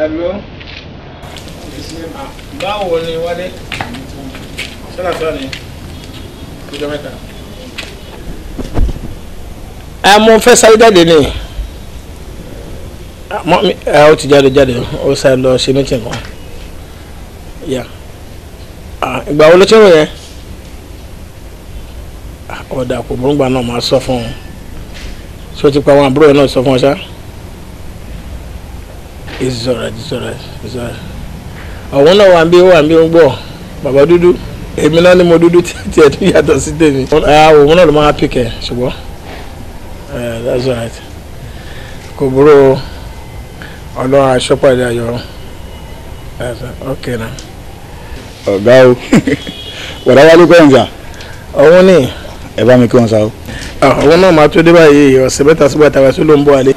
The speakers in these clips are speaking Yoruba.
Hello. Báwo ni Wálé? Ṣọ́nà tó ni? Ìjọ mẹ́ta. Ẹ mo fẹ́ sáré jáde ni. Ah, ẹ ó ti jáde jáde, ó sáré lọ ṣe mítìn kan. Ah, ìgbà wo ló ti rìn yẹn? Ọ̀dà kò burúkú náà máa sọ fún un. Ṣé o ti pa àwọn àbúrò náà sọ fún ọ ṣáá? it's alright it's alright it's alright àwọn náà wà ń bí wà ń bí ń gbọ́ bàbá dúdú èmi náà ni mo dúdú tiẹ̀ tó yàtọ̀ sí tèmi ah, òun náà ló máa pìkẹ̀ ṣùgbọ́n eh, that's alright kò burú ọlọ́run aṣọ́pàdé ayọ̀ okay náà. ọ̀gá o wàdà wálé kọ́ńtà. ọ̀hún ni. ẹ bá mi kí wọn sá o. ọ̀hún ah, náà máa tó dé báyìí ọ̀sẹ̀ mẹ́ta sígbà tàwa sí ló ń bọ̀ àlẹ́.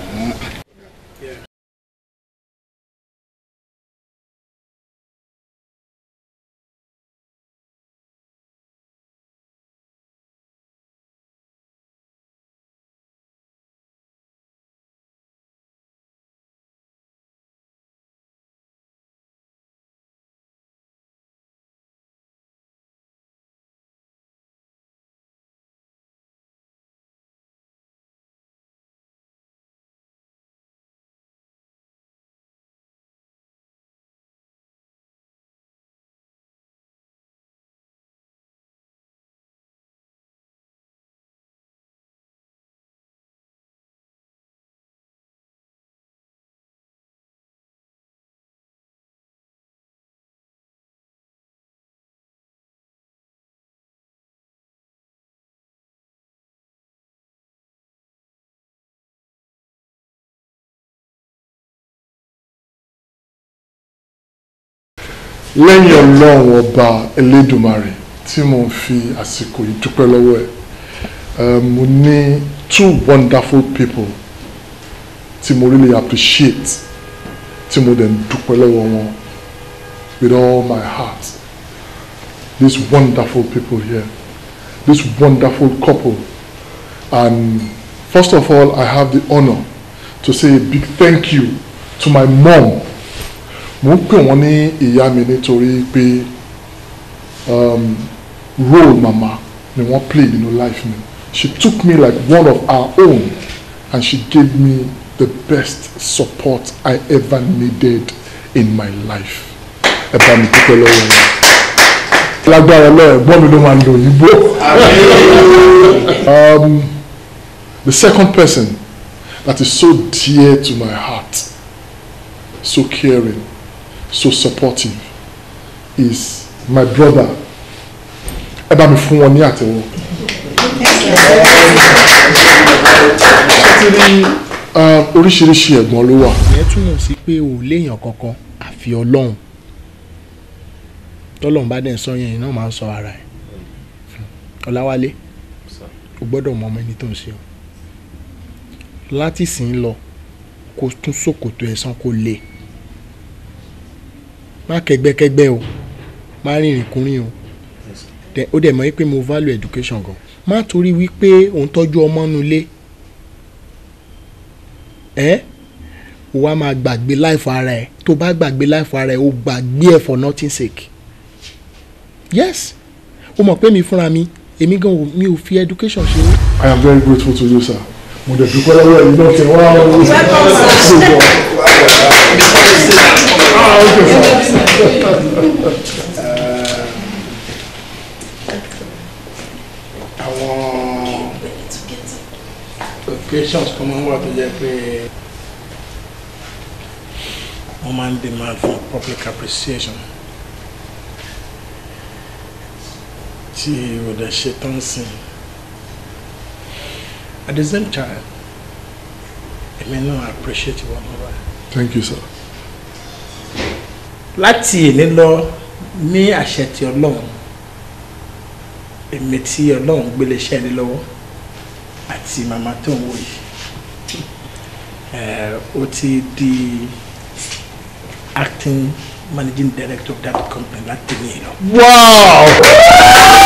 lẹ́yìn ọlọ́run ọba elédùmarè tí mo ń fi àsìkò yìí dúpẹ́ lọ́wọ́ ẹ̀ ehm, mo ní two wonderful people tí mo really appreciate tí mo dẹ̀ ń dúpẹ́ lọ́wọ́ wọn with all my heart these wonderful people here this wonderful couple and first of all I have the honour to say a big thank you to my mom mo ń pè wọ́n ní ìyá mi nítorí pé um, role mama ni wọ́n play nínú life mi she took me like one of her own and she gave me the best support I ever needed in my life ẹ bá mi dúpẹ́ lọ́wọ́ yẹn lágbára lọ́ọ̀ mi ló máa ń lo òyìnbó. the second person that is so dear to my heart so caring so supportive is my brother ẹ bá mi fún wọn ní àtẹ́wọ́. nítorí um, oríṣiríṣi ẹ̀gbọ́n ló wà. ìyẹn túmọ̀ sí pé ò léèyàn kankan àfi ọlọ́run tọ́lọ́run bá dẹ̀ ń sọ yẹn náà máa ń sọ ara ẹ̀ ọ̀làwálé o gbọ́dọ̀ mọ ọmọ ẹni tó ń ṣe o láti sìn ín lọ kó tún ṣòkòtò ẹ̀sán kó lè má kẹgbẹ́kẹgbẹ́ o má rìnrìn kúrìn o ó dẹ̀ mọ̀ pé mo value education gan má torí wípé òun tọ́jú ọmọ nu ilé ẹ́ o wá máa gbàgbé life ara ẹ̀ tó bá gbàgbé life ara ẹ̀ o gbàgbé ẹ̀ for nothing sake yes o mọ̀ pé mi fúnra mi èmi gan mi ò fi education ṣe. I am very grateful to you sir mo dẹ̀ dúpẹ́ lọ́wọ́ ẹ̀yin náà kẹ́ wá ọ̀rọ̀ ìṣèjọba. Ah, okay, uh, Àwọn occasions kan máa ń wà tó jẹ́ pé wọ́n demand for public appreciation. Tí o dẹ̀ ṣe tán sí i. At the same time, èmi náà appreciate wọn lọ́wọ́. Thank you, sir láti èní lọ ní àṣẹ ti ọlọ́run èmi tí ọlọ́run gbélé iṣẹ́ ní lọ́wọ́ àti màmá tó ń wò yìí eh, ó ti di acting managing director of that company láti ní ìlọ. wow wow wow. wow. wow.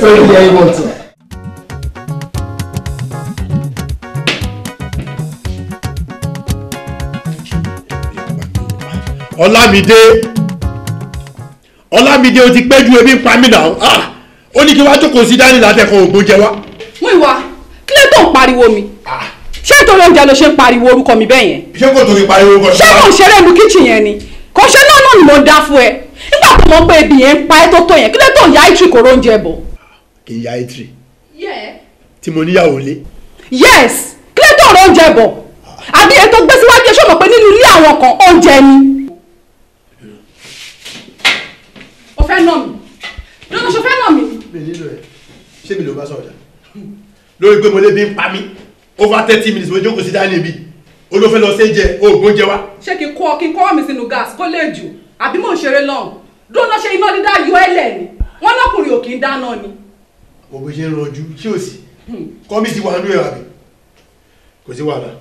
wow. wow. wow. wow. wow. ọlámídé ọlámídé o ti pẹ́ ebi ń pa mí náà ah ó ní kí wàá jókòó sí dání látẹ̀kọ̀ ògùn jẹ wá. mú ìwà kí ló tó ń pariwo mi ah! ṣé ìtòrò oúnjẹ ló ṣe ń pariwo orúkọ mi bẹ́ẹ̀ yẹn. ṣé kò tóbi pariwo orúkọ ṣe. ṣé mò ń ṣeré inú kíchìn yẹn ni kò ṣe náà náà ni mo dá fún ẹ nígbà tó mọ pé ebi yẹn ń pa ẹ tó tó yẹn kí ló tó ń ya itri kò róúnjẹ bọ̀. kì í ya itri. tí mo níyàwó lé. yes kí ló tó róúnjẹ bọ̀ ah! àbí ètò gbèsè wájú ẹ ṣọ́mọ̀ pé nínú ilé àwọn kan oúnjẹ ni. fẹ́ nà mí lọ́nà ṣe fẹ́ nà mí. mi nílò ẹ ṣé mi ló bá sọ̀rọ̀ jà lórí pé mo lè bí ń pa mí over thirty minutes mo jókòó sí dání bí olófẹ́ lọ séjẹ oògùn jẹ wá. ṣé kí n kọ́ kí n kọ́ mi sínú gas kó lè jù àbí mò ń ṣeré lọ́hùn lọ́nà ṣe iná dídá yọ ẹlẹ̀ ni wọ́n lọ́kùnrin ò kì í dáná ni. òbí ṣe ń ranjú ṣé ò sí kọ́ mi ti wà nínú ẹ̀ àbí kò sí wàhálà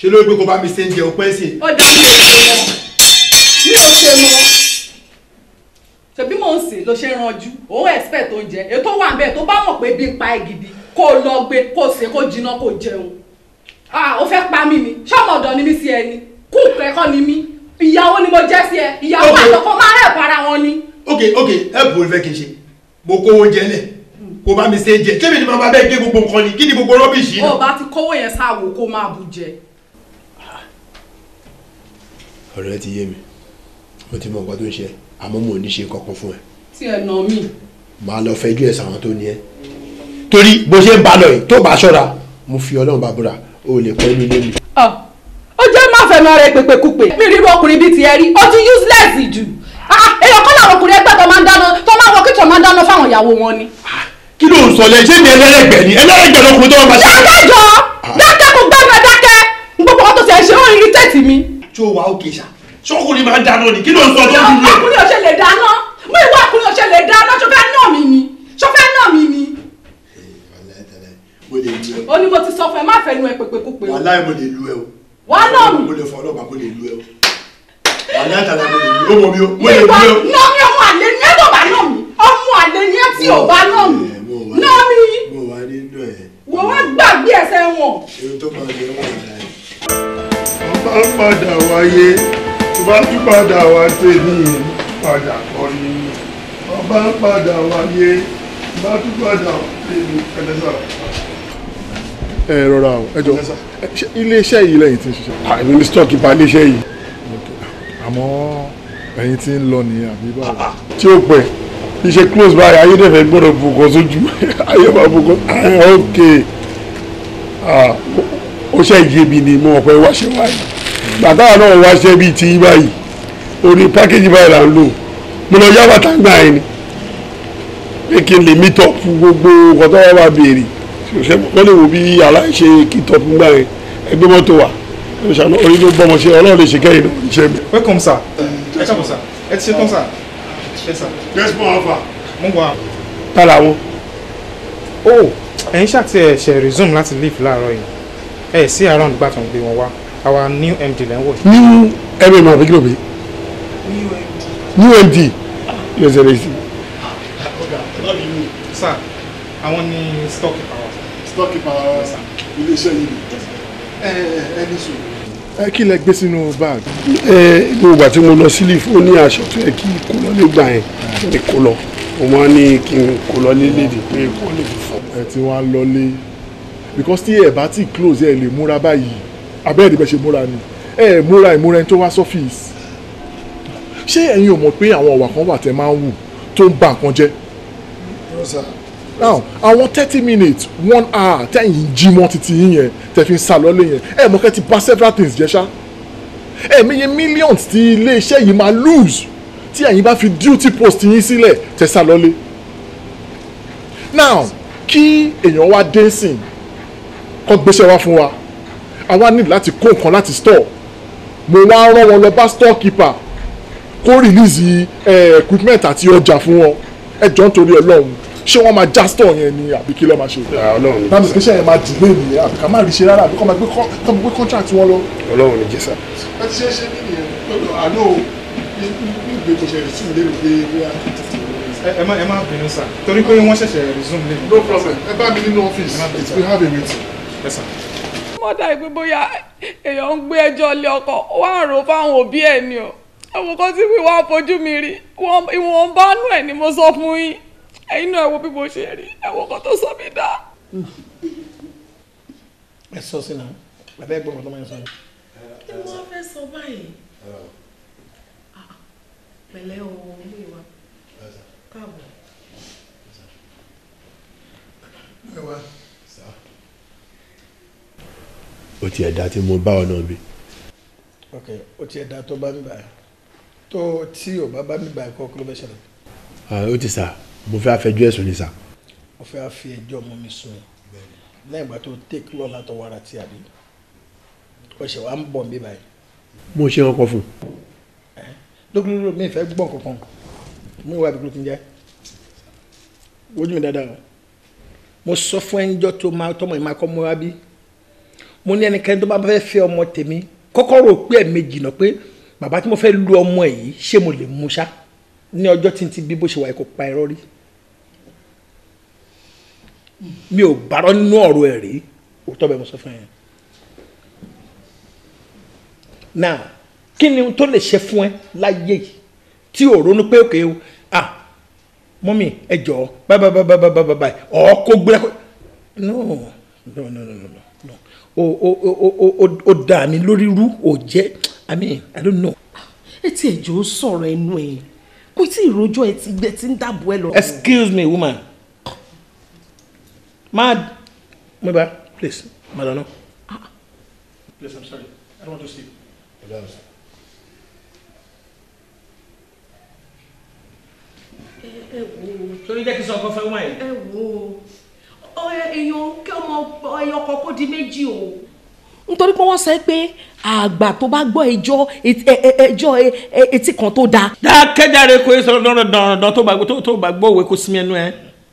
ṣe ló gbé kó bá mi ṣe ń jẹ ọpẹ́ sí. ó dá mi ò ṣe mọ́ mi ò ṣe mọ́ tó ń sè ló ṣe ranjú òun expect oúnjẹ ètò wà bẹ́ẹ̀ tó bá mọ̀ pé bí pa ẹ̀ gidi kó o lọ gbé kó o sè kó jiná kó o jẹun ah o fẹ́ pa mí ni ṣọ́mọ ọ̀dọ̀ ni mí sí ẹni kú kẹ́kọ́ ni mí ìyàwó ni mo jẹ́ sí ẹ ìyàwó àtọkọ máa rẹ̀ para wọn ni. ok ok ẹ bò ó fẹ́ kí n ṣe mo kówó jẹ lẹ̀ kò bá mi ṣe jẹ tẹ́mi ni màá bá bẹ́ẹ̀ gé gbogbo nǹkan ni kí ni gbogbo rọ́bìṣì náà. o bá ti kówó yẹn sáàwó kó máa àmọ́ mo ò ní ṣe kankan fún ẹ. tí ẹ nà mí. màá lọ fẹjú ẹ sàwọn tó ní ẹ torí bó ṣe ń bá lọ yìí tó bá ṣọ́ra mo fi Ọlọ́run bá búra o lè pẹ́ inú ilé mi. ó jẹ́ má fẹnu ara ẹ pèpèkúpè mi rí ọkùnrin bíi tiẹ̀ rí ó ti useless jù ah, èèyàn kọ́ làwọn ọkùnrin ẹgbẹ́ tó máa ń dáná tó máa wọ kíchọ̀ máa ń dáná fáwọn ìyàwó wọn ni. Ah, kí ló ń sọ lẹ ṣé ni ẹlẹ́rẹ̀gbẹ̀ ni ẹlẹ́rẹ̀gbẹ̀ lọkùnrin tó máa ṣe. ṣé dákẹ́ kò gbẹ́nu ẹ̀ dákẹ́ gbogbo ọkọ̀ tó ṣe é ṣe ó ń irítẹ́ẹ̀tì mi. tí ó wà ó kì í ṣá máa dáná ni kí ló ń sọ tó dúró. ọkùnrin ọ̀sẹ̀ lè dáná mú ìwà ọkùnrin ọ̀sẹ̀ lè dáná tó fẹ́ nà mí ni tó fẹ́ nà mí ni. ó ní mo ti sọ fún ẹ má fẹ́ nu ẹ pèpèkúpè. wàhálà mo lè lu ẹ o. wàhálà mi. mo lè ọlọ́pàá mo lè lu ẹ o. wàhálà tàbí mo lè lu ẹ mi o mo lè lu ẹ o. nà ọmọ àlè ni ẹ tó bá nà mí ọmọ àlè ni ẹ tí ò bá nà mí nà mí. mo wá gbàgbé ẹsẹ̀ padà wáyé fájúpadà wa tèmi yẹn padà kọ́ ni ọba ń padà wá yé fájúpadà wa tèmi ẹlẹ́sà. ẹ rọra o ẹ jọ iléeṣẹ́ yìí lẹ́yìn tí ń ṣiṣẹ́. àìní ah, ní stọọkì pa iléeṣẹ́ yìí. àmọ́ ẹ̀yin tí ń lọ nìyẹn àbí báwo. Ah, ah. tí ó pẹ́ iṣẹ́ close by ayédèfẹ́ gbọ́dọ̀ bùkọ́ sójú ayé máa bùkọ́ ok ó ṣe yé ni mo mọ̀ pé wáyé bàtà náà wá ṣe bíi ti báyìí orí pákéjì báyìí là ń lò mo lọ yá bàtà gbà yẹn ni pé kí n lè mí tọ́pù gbogbo nǹkan tó wà bá béèrè wọ́n lè wò bí aláìṣe kí tọ́pù gbà yẹn ẹgbẹ́ mọ́tò wà ṣàná orí ló gbọ́mọ ṣe ọlọ́run lè ṣe kẹ́yìn lórí iṣẹ́ mi. welcome sir welcome sir ẹ ti ṣe tán sir ẹ sir. yes mo wà fà. mo wà. tala wọn. o oh, ẹ̀yin ṣàtì ẹ̀ṣẹ̀ resume láti leave láàárọ̀ yìí ẹ̀ sí around gbàtàn gbé wọn wá our new md lẹ́ what? new every month, kí new md. new md yóò ṣẹlẹ̀ sí. sir àwọn ni stock power. stock power sir. yìí ni ẹni sùn. Eh, kí lẹ gbé sínú bag. ẹ gbogbo ìgbà tí mo lọ sí leaf ó ní aṣọ tó yẹ kí kò lọ nígbà yẹn kí kò lọ mo máa ní kí n kò lọ lélédè pé kò lè fọ. ẹ ti wá lọlé because tí ẹ bá ti close ẹ lè múra báyìí abẹ́rẹ́ ìdíbẹ̀ ṣe múra ni ẹ múra ìmúra ẹni tó wá sọ́fíìsì ṣé ẹ̀yin ò mọ̀ pé àwọn ọ̀wà kan wà tẹ́ máa ń wù tó ń bà nǹkan jẹ́ now àwọn thirty minutes one hour tẹ́yìn jí mọ́ títí yín yẹn tẹ́ fi ń sá lọ́lé yẹn ẹ mọ̀ kẹ́ ti bà several things jẹ́ ṣá ẹ̀mí yẹ millions tí iléeṣẹ́ yìí máa lose tí ẹ̀yin bá fi duty post yín sílẹ̀ tẹ́ sá lọ́lé now kí èèyàn wá dẹ́sìn kọ́ gbéṣẹ́ wá fún wa àwa ní láti kó nǹkan láti store mo wá rán wọn lọ bá store keeper kó release eh, equipment àti ọjà fún wọn ẹ jọ nítorí ọlọ́run ṣé wọ́n máa já store yẹn ni àbí kí ló máa ṣe. Ah, ọlọ́run náà iṣẹ́ yẹn máa dìlé nìyẹn àbí ká má rí ṣe rárá àbí kọ́ máa gbé contract wọn lọ. ọlọ́run ní jésà. ẹ ti ṣe é ṣe nìyẹn lọ́dọ̀ àná o resume lérò pé wíwá ẹ má ẹ má bínú sá torí pé wọ́n ṣẹ̀ṣẹ̀ resume lérò. no problem ẹ bá mi nínú ọ́fíìsì we have a meeting. Yes, sir. mọ́tà ìpín bóyá èèyàn ń gbé ẹjọ́ lé ọkọ̀ wá ń rò fáwọn òbí ẹ̀ ni o ẹ̀wọ̀n kan tí wíwá fojú mi rí ìwọ̀n bá ẹ̀ ni mo sọ fún yín ẹ̀yin náà ẹ̀wọ̀n bí mo ṣe rí ẹ̀wọ̀n kan tó sọ mí dá. ẹ sọ sí náà bàbá ẹ gbọ́dọ̀ tó máa ń sọ kí wọ́n fẹ́ sọ báyìí pẹ̀lẹ́ ilé wa káàbọ̀. ó ti ẹ̀dá tí mo bá ọ náà bí. ok ó ti ẹ̀dá tó bá mi báyìí tó tí ò bá bá mi báyìí kọ́ kí ló fẹ́ ṣẹlẹ̀. ó ti sà mo fẹ́ afẹjọ́ ẹ̀sùn ni sà. mo fẹ́ afi ẹjọ́ mọ́ mi sùn lẹ́yìn ìgbà tó tẹ́kí lọ́ọ́ látọ̀ wàrà tí a bí ó ṣe wàá ń bọ̀ mí báyìí. mo ṣe wọn kọ fún. lókùnrin mi fẹ́ gbọ́ kankan mo ìwà àbíkú ti ń jẹ́ ojú mi dáadáa mo sọ fún ẹnjọ́ tó máa tọmọ ìmákọ́ mọ́ra bíi mo ní ẹnikẹ́ni tó bá fẹ́ fẹ́ ọmọ tèmi kọ́kọ́ rò pé ẹ̀ẹ̀mejì náà pé bàbá tí mo fẹ́ lu ọmọ ẹ̀ yìí ṣé mo lè mú ṣá ní ọjọ́ tí n ti bí bó ṣe wà kó pa irọ́ rí mi ò bárọ́ nínú ọ̀rọ̀ ẹ̀ rí òótọ́ bẹ́ẹ̀ mo sọ fún ẹ. now kí ni tó lè ṣe fún ẹ láyé yìí tí ò ronú pé òkè o ah mọ́mì ẹ jọ̀ọ́ báyìí báyìí báyìí báyìí ọ̀ kó gbé no no no no. no ó dà mí lórí rú ò jẹ́ i mean i don't know. ẹ ti ẹjọ́ sọ̀rọ̀ ẹnu ẹ̀ kò tí ì rojọ́ ẹ ti gbẹ tí ń dàbò ẹ lọ. excuse me woman ma mo ba please madam no. Ah. please i'm sorry i don't want to sleep. ẹ wo. torí jẹ́ kí sọ ọkọ fẹ́ wọ́n yìí. ẹ wo èèyàn kí ọmọ ẹyọ kan kó di méjì o. nítorí pé wọ́n sọ pé àgbà tó bá gbọ́ ẹjọ́ ẹjọ́ etí kan tó dáa. dákẹ́járe kò é sọ dandan tó bá gbọ́ òwe kò sí mi ẹnu ẹ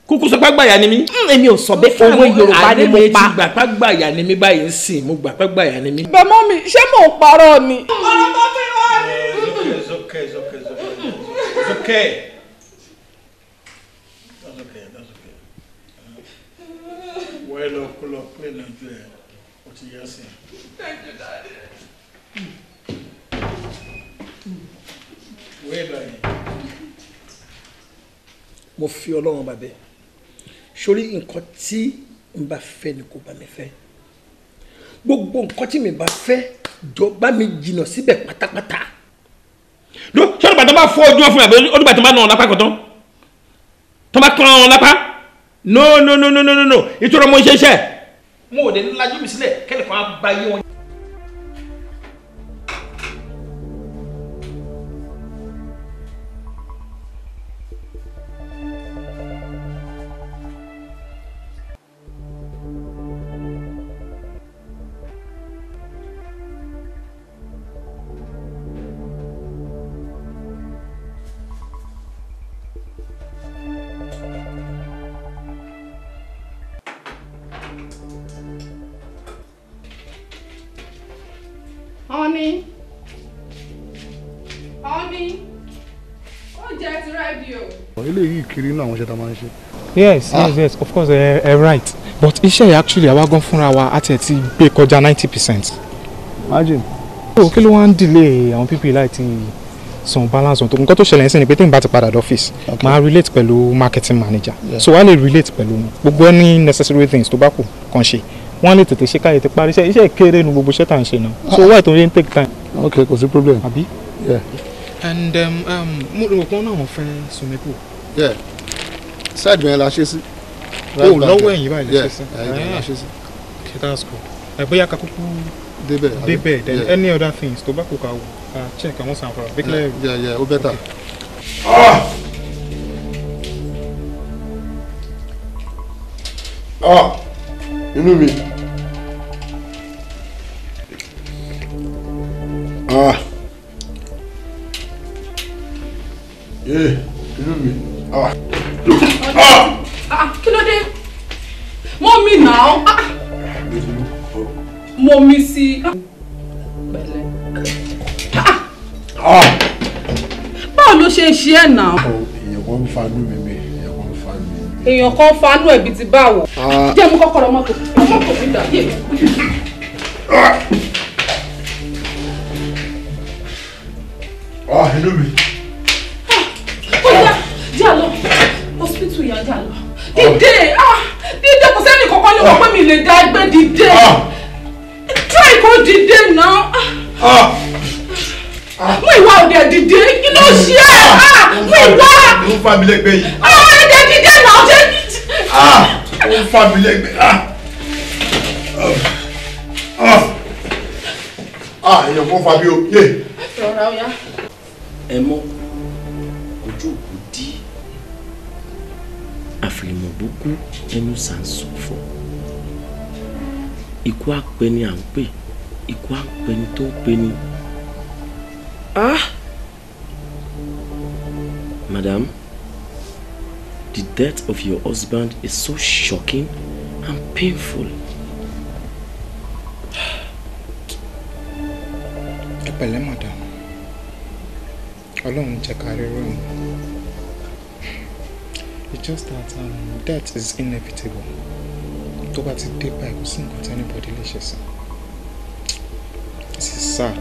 kúkú sọ pàgbàyà ni mí. Hmm, èmi ò sọ bẹ́ẹ̀ owó yorùbá ni mo pa. àní mi ti gbà pàgbàyà ni mí báyìí ń sìn mo gbà pàgbàyà ni mí. bẹ́ẹ̀ mọ́ mi ṣé mò ń parọ́ ni. ọ̀rọ̀ tó fi wá ní. it's okay it's okay it's okay it's okay. ìwọ ẹ lọ kó lọ pé lójú ẹ o ti yá sí. ìwé ìlànà. mo fi ọlọ́run bàbẹ́ sórí nǹkan tí n bá fẹ́ ni kò bá mi fẹ́ gbogbo nǹkan tí mi bá fẹ́ jọ bá mi jìnnà síbẹ̀ pátápátá. sọ́dọ̀ bàtà bá fọ́ ojú ọ̀fun àbí ọdún bàtà bá nà ọ̀nà pákọ̀tán tó bá kàn án ọ̀nà no no no no no no ìtura mo ṣe iṣẹ́. mo ò dé ní lajú mi sílẹ̀ kẹ́lẹ̀ kan á ba yé wọn. káàkiri inú àwọn iṣẹ́ tá máa ń ṣe. yes ah. yes yes of course ẹ uh, eh, uh, eh, right but iṣẹ́ yìí actually àwa gan fúnra wa àti ẹ̀ ti gbé kọjá ninety percent. imagine. o kí ló wá ń delay àwọn pípì láti san balance on tó nǹkan tó ṣẹlẹ̀ ẹ̀sìn ni pé téèmù bá ti padà dé ọ́fíìsì máa relate pẹ̀lú marketing manager yeah. so wàá lè relate pẹ̀lú wọn gbogbo any necessary things tó bá kù kàn ṣe wọ́n lè tètè ṣe káyọ̀ ti parí iṣẹ́ iṣẹ́ kéré nu gbogbo iṣẹ́ tá ń ṣe náà so ah. why don't you take time. ok kò sí problem. àbí. Yeah. and um, um, mo rò pé wọn náà wọn fẹ́ sùn mí ṣáàdì yẹn la ṣe sí. o oh, lọ́wọ́ ẹ̀yìn báyìí la ṣe sí. la ṣe sí. okay that's cool. bóyá ká kúkú débẹ̀ débẹ̀ then yeah. any other things tó bá kó ká wò ká check àwọn sàn fara. yeah yeah ó bẹ́tà. Ah! ah inú mi. ah. Yeah, inú mi kí ló dé mọ́mì náà mọ́mì sí i. báwo ló ṣe ń ṣe ẹ̀ náà. èèyàn kan ń fanú mi mi èèyàn kan ń fanú mi. èèyàn kan fanú ẹ̀bí ti báwo. Ah. jẹ́ mú kọ́kọ́rọ́ mọ́tò mọ́tò mi dà yé mi. Ah, inú mi. Diallo hospital ya Diallo oh. dìde ah dìde kò sẹ́ni kankan ní wọ́n pé mi lè dá ẹgbẹ́ dìde ah. try ah ah náà mú ìwà òde dìde kí ló ṣe é ah, ah. ìwà. ló ń fa mi lẹ́gbẹ́ yìí. àwọn ẹ̀dẹ̀ dìde náà ṣe ní. ó ń fa mi ah, ah ah kan fa mi o. rọra o ya. ẹ mọ àbùkù ẹnu sàǹsọ̀ fọ́ ikú àpẹni à ń pè ikú àpẹni tó ń pẹni. Ah! Madam, the death of your husband is so shocking and painful. ẹ pẹ̀lẹ́ madam ọlọ́run jẹ́ ká rí ròyìn it's just that um, death is inevitable tó bá ti dé báyìí kò sí nǹkan tí anybody lè ṣe sí this is sad.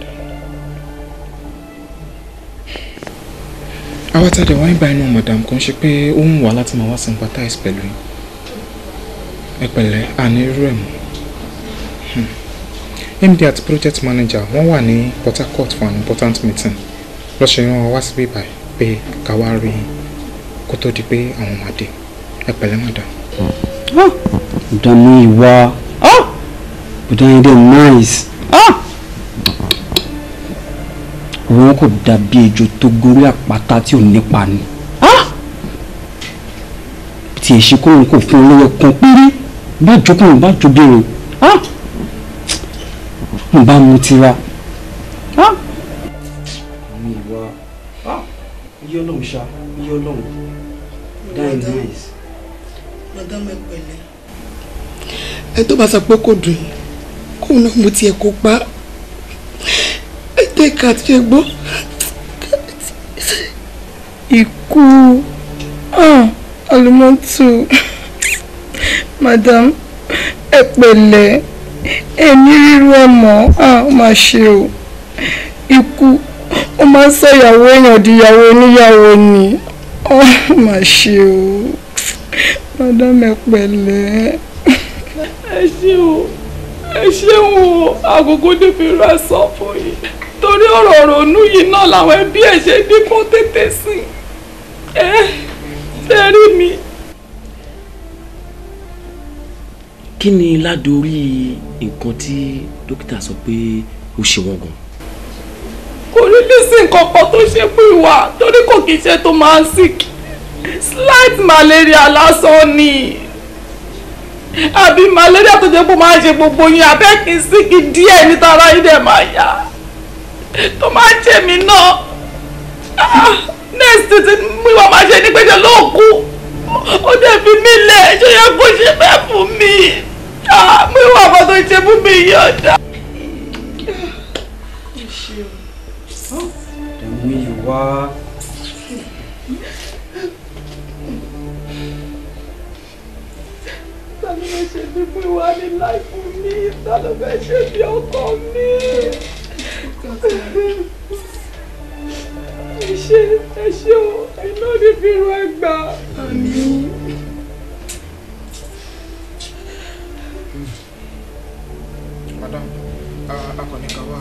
àwa tá a dẹ̀ wá ń bá madam kan ṣe pé ó ń wà láti máa wá sympathize pẹ̀lú yín ẹ àní irú ẹ̀ mọ́ md hmm. àti project manager wọ́n wà ní Port Harcourt for an important meeting lọ́sẹ̀ yẹn wọ́n wá síbí báyìí pé ká rí yín kó tó di pé àwọn máa dé ẹ pẹ̀lẹ́ madam. ìdààmú ìwà ìdààmú ìdè nice òun kò dàbí ejò tó gorí àpáta tí ò nípa ni tí èsì kóhun kò fún olówó kan péré bá jókòó bá jóbìnrin mo bá mu tira. mi ìwà iye ọlọ́run ṣá iye ọlọ́run very nice. madam ẹ pẹ̀lẹ́. ẹ tó bá sọ pé kò dùn yín kóun náà mo tiẹ̀ kó pa ẹ tẹ́ ká ti ṣe gbọ́ ikú ah, alùmọ́tò madam ẹ pẹ̀lẹ́ èmi ríru ẹ mọ́ ah, má ṣe o ikú ó máa ń sọ ìyàwó èèyàn di ìyàwó oníyàwó ni. Ah, ọ mà ṣe o madam ẹ pẹ̀lẹ́. ẹ ṣé o ẹ ṣeun o agogo dé fi ra sọ fún yìí torí ọ̀rọ̀ ronú yìí náà làwọn ẹbí ẹ̀ ṣe dínkù tètè sí ẹ ṣe rí mi. kí ni ládòrí nǹkan tí dókítà sọ pé ó ṣe wọ́n gan-an kò rí lè sí nǹkan kan tó ṣe fún ìwà torí kò kìí ṣe tó máa ń sick slight malaria lásán ni àbí malaria tó jẹ́ pé máa ń ṣe gbogbo yín abẹ́ kì í sick díẹ̀ níta ara yín dẹ̀ máa yá tó máa ń jẹ mí náà ah, next tí mo wà máa ṣe ní pẹ́jọ lóòkù ó dẹ̀ fi mí lẹ̀ ṣé yẹ kó ṣe bẹ́ẹ̀ fún mi ah, mo wà bá tó ṣe fún mi yọ̀ọ̀dà. wá. ta ló fẹ́ ṣe bí fún ìwà ní láìpù mi ta ló fẹ́ ṣe bí ọkọ mi. ẹ ṣe ẹ ṣe o madam akọni kan wá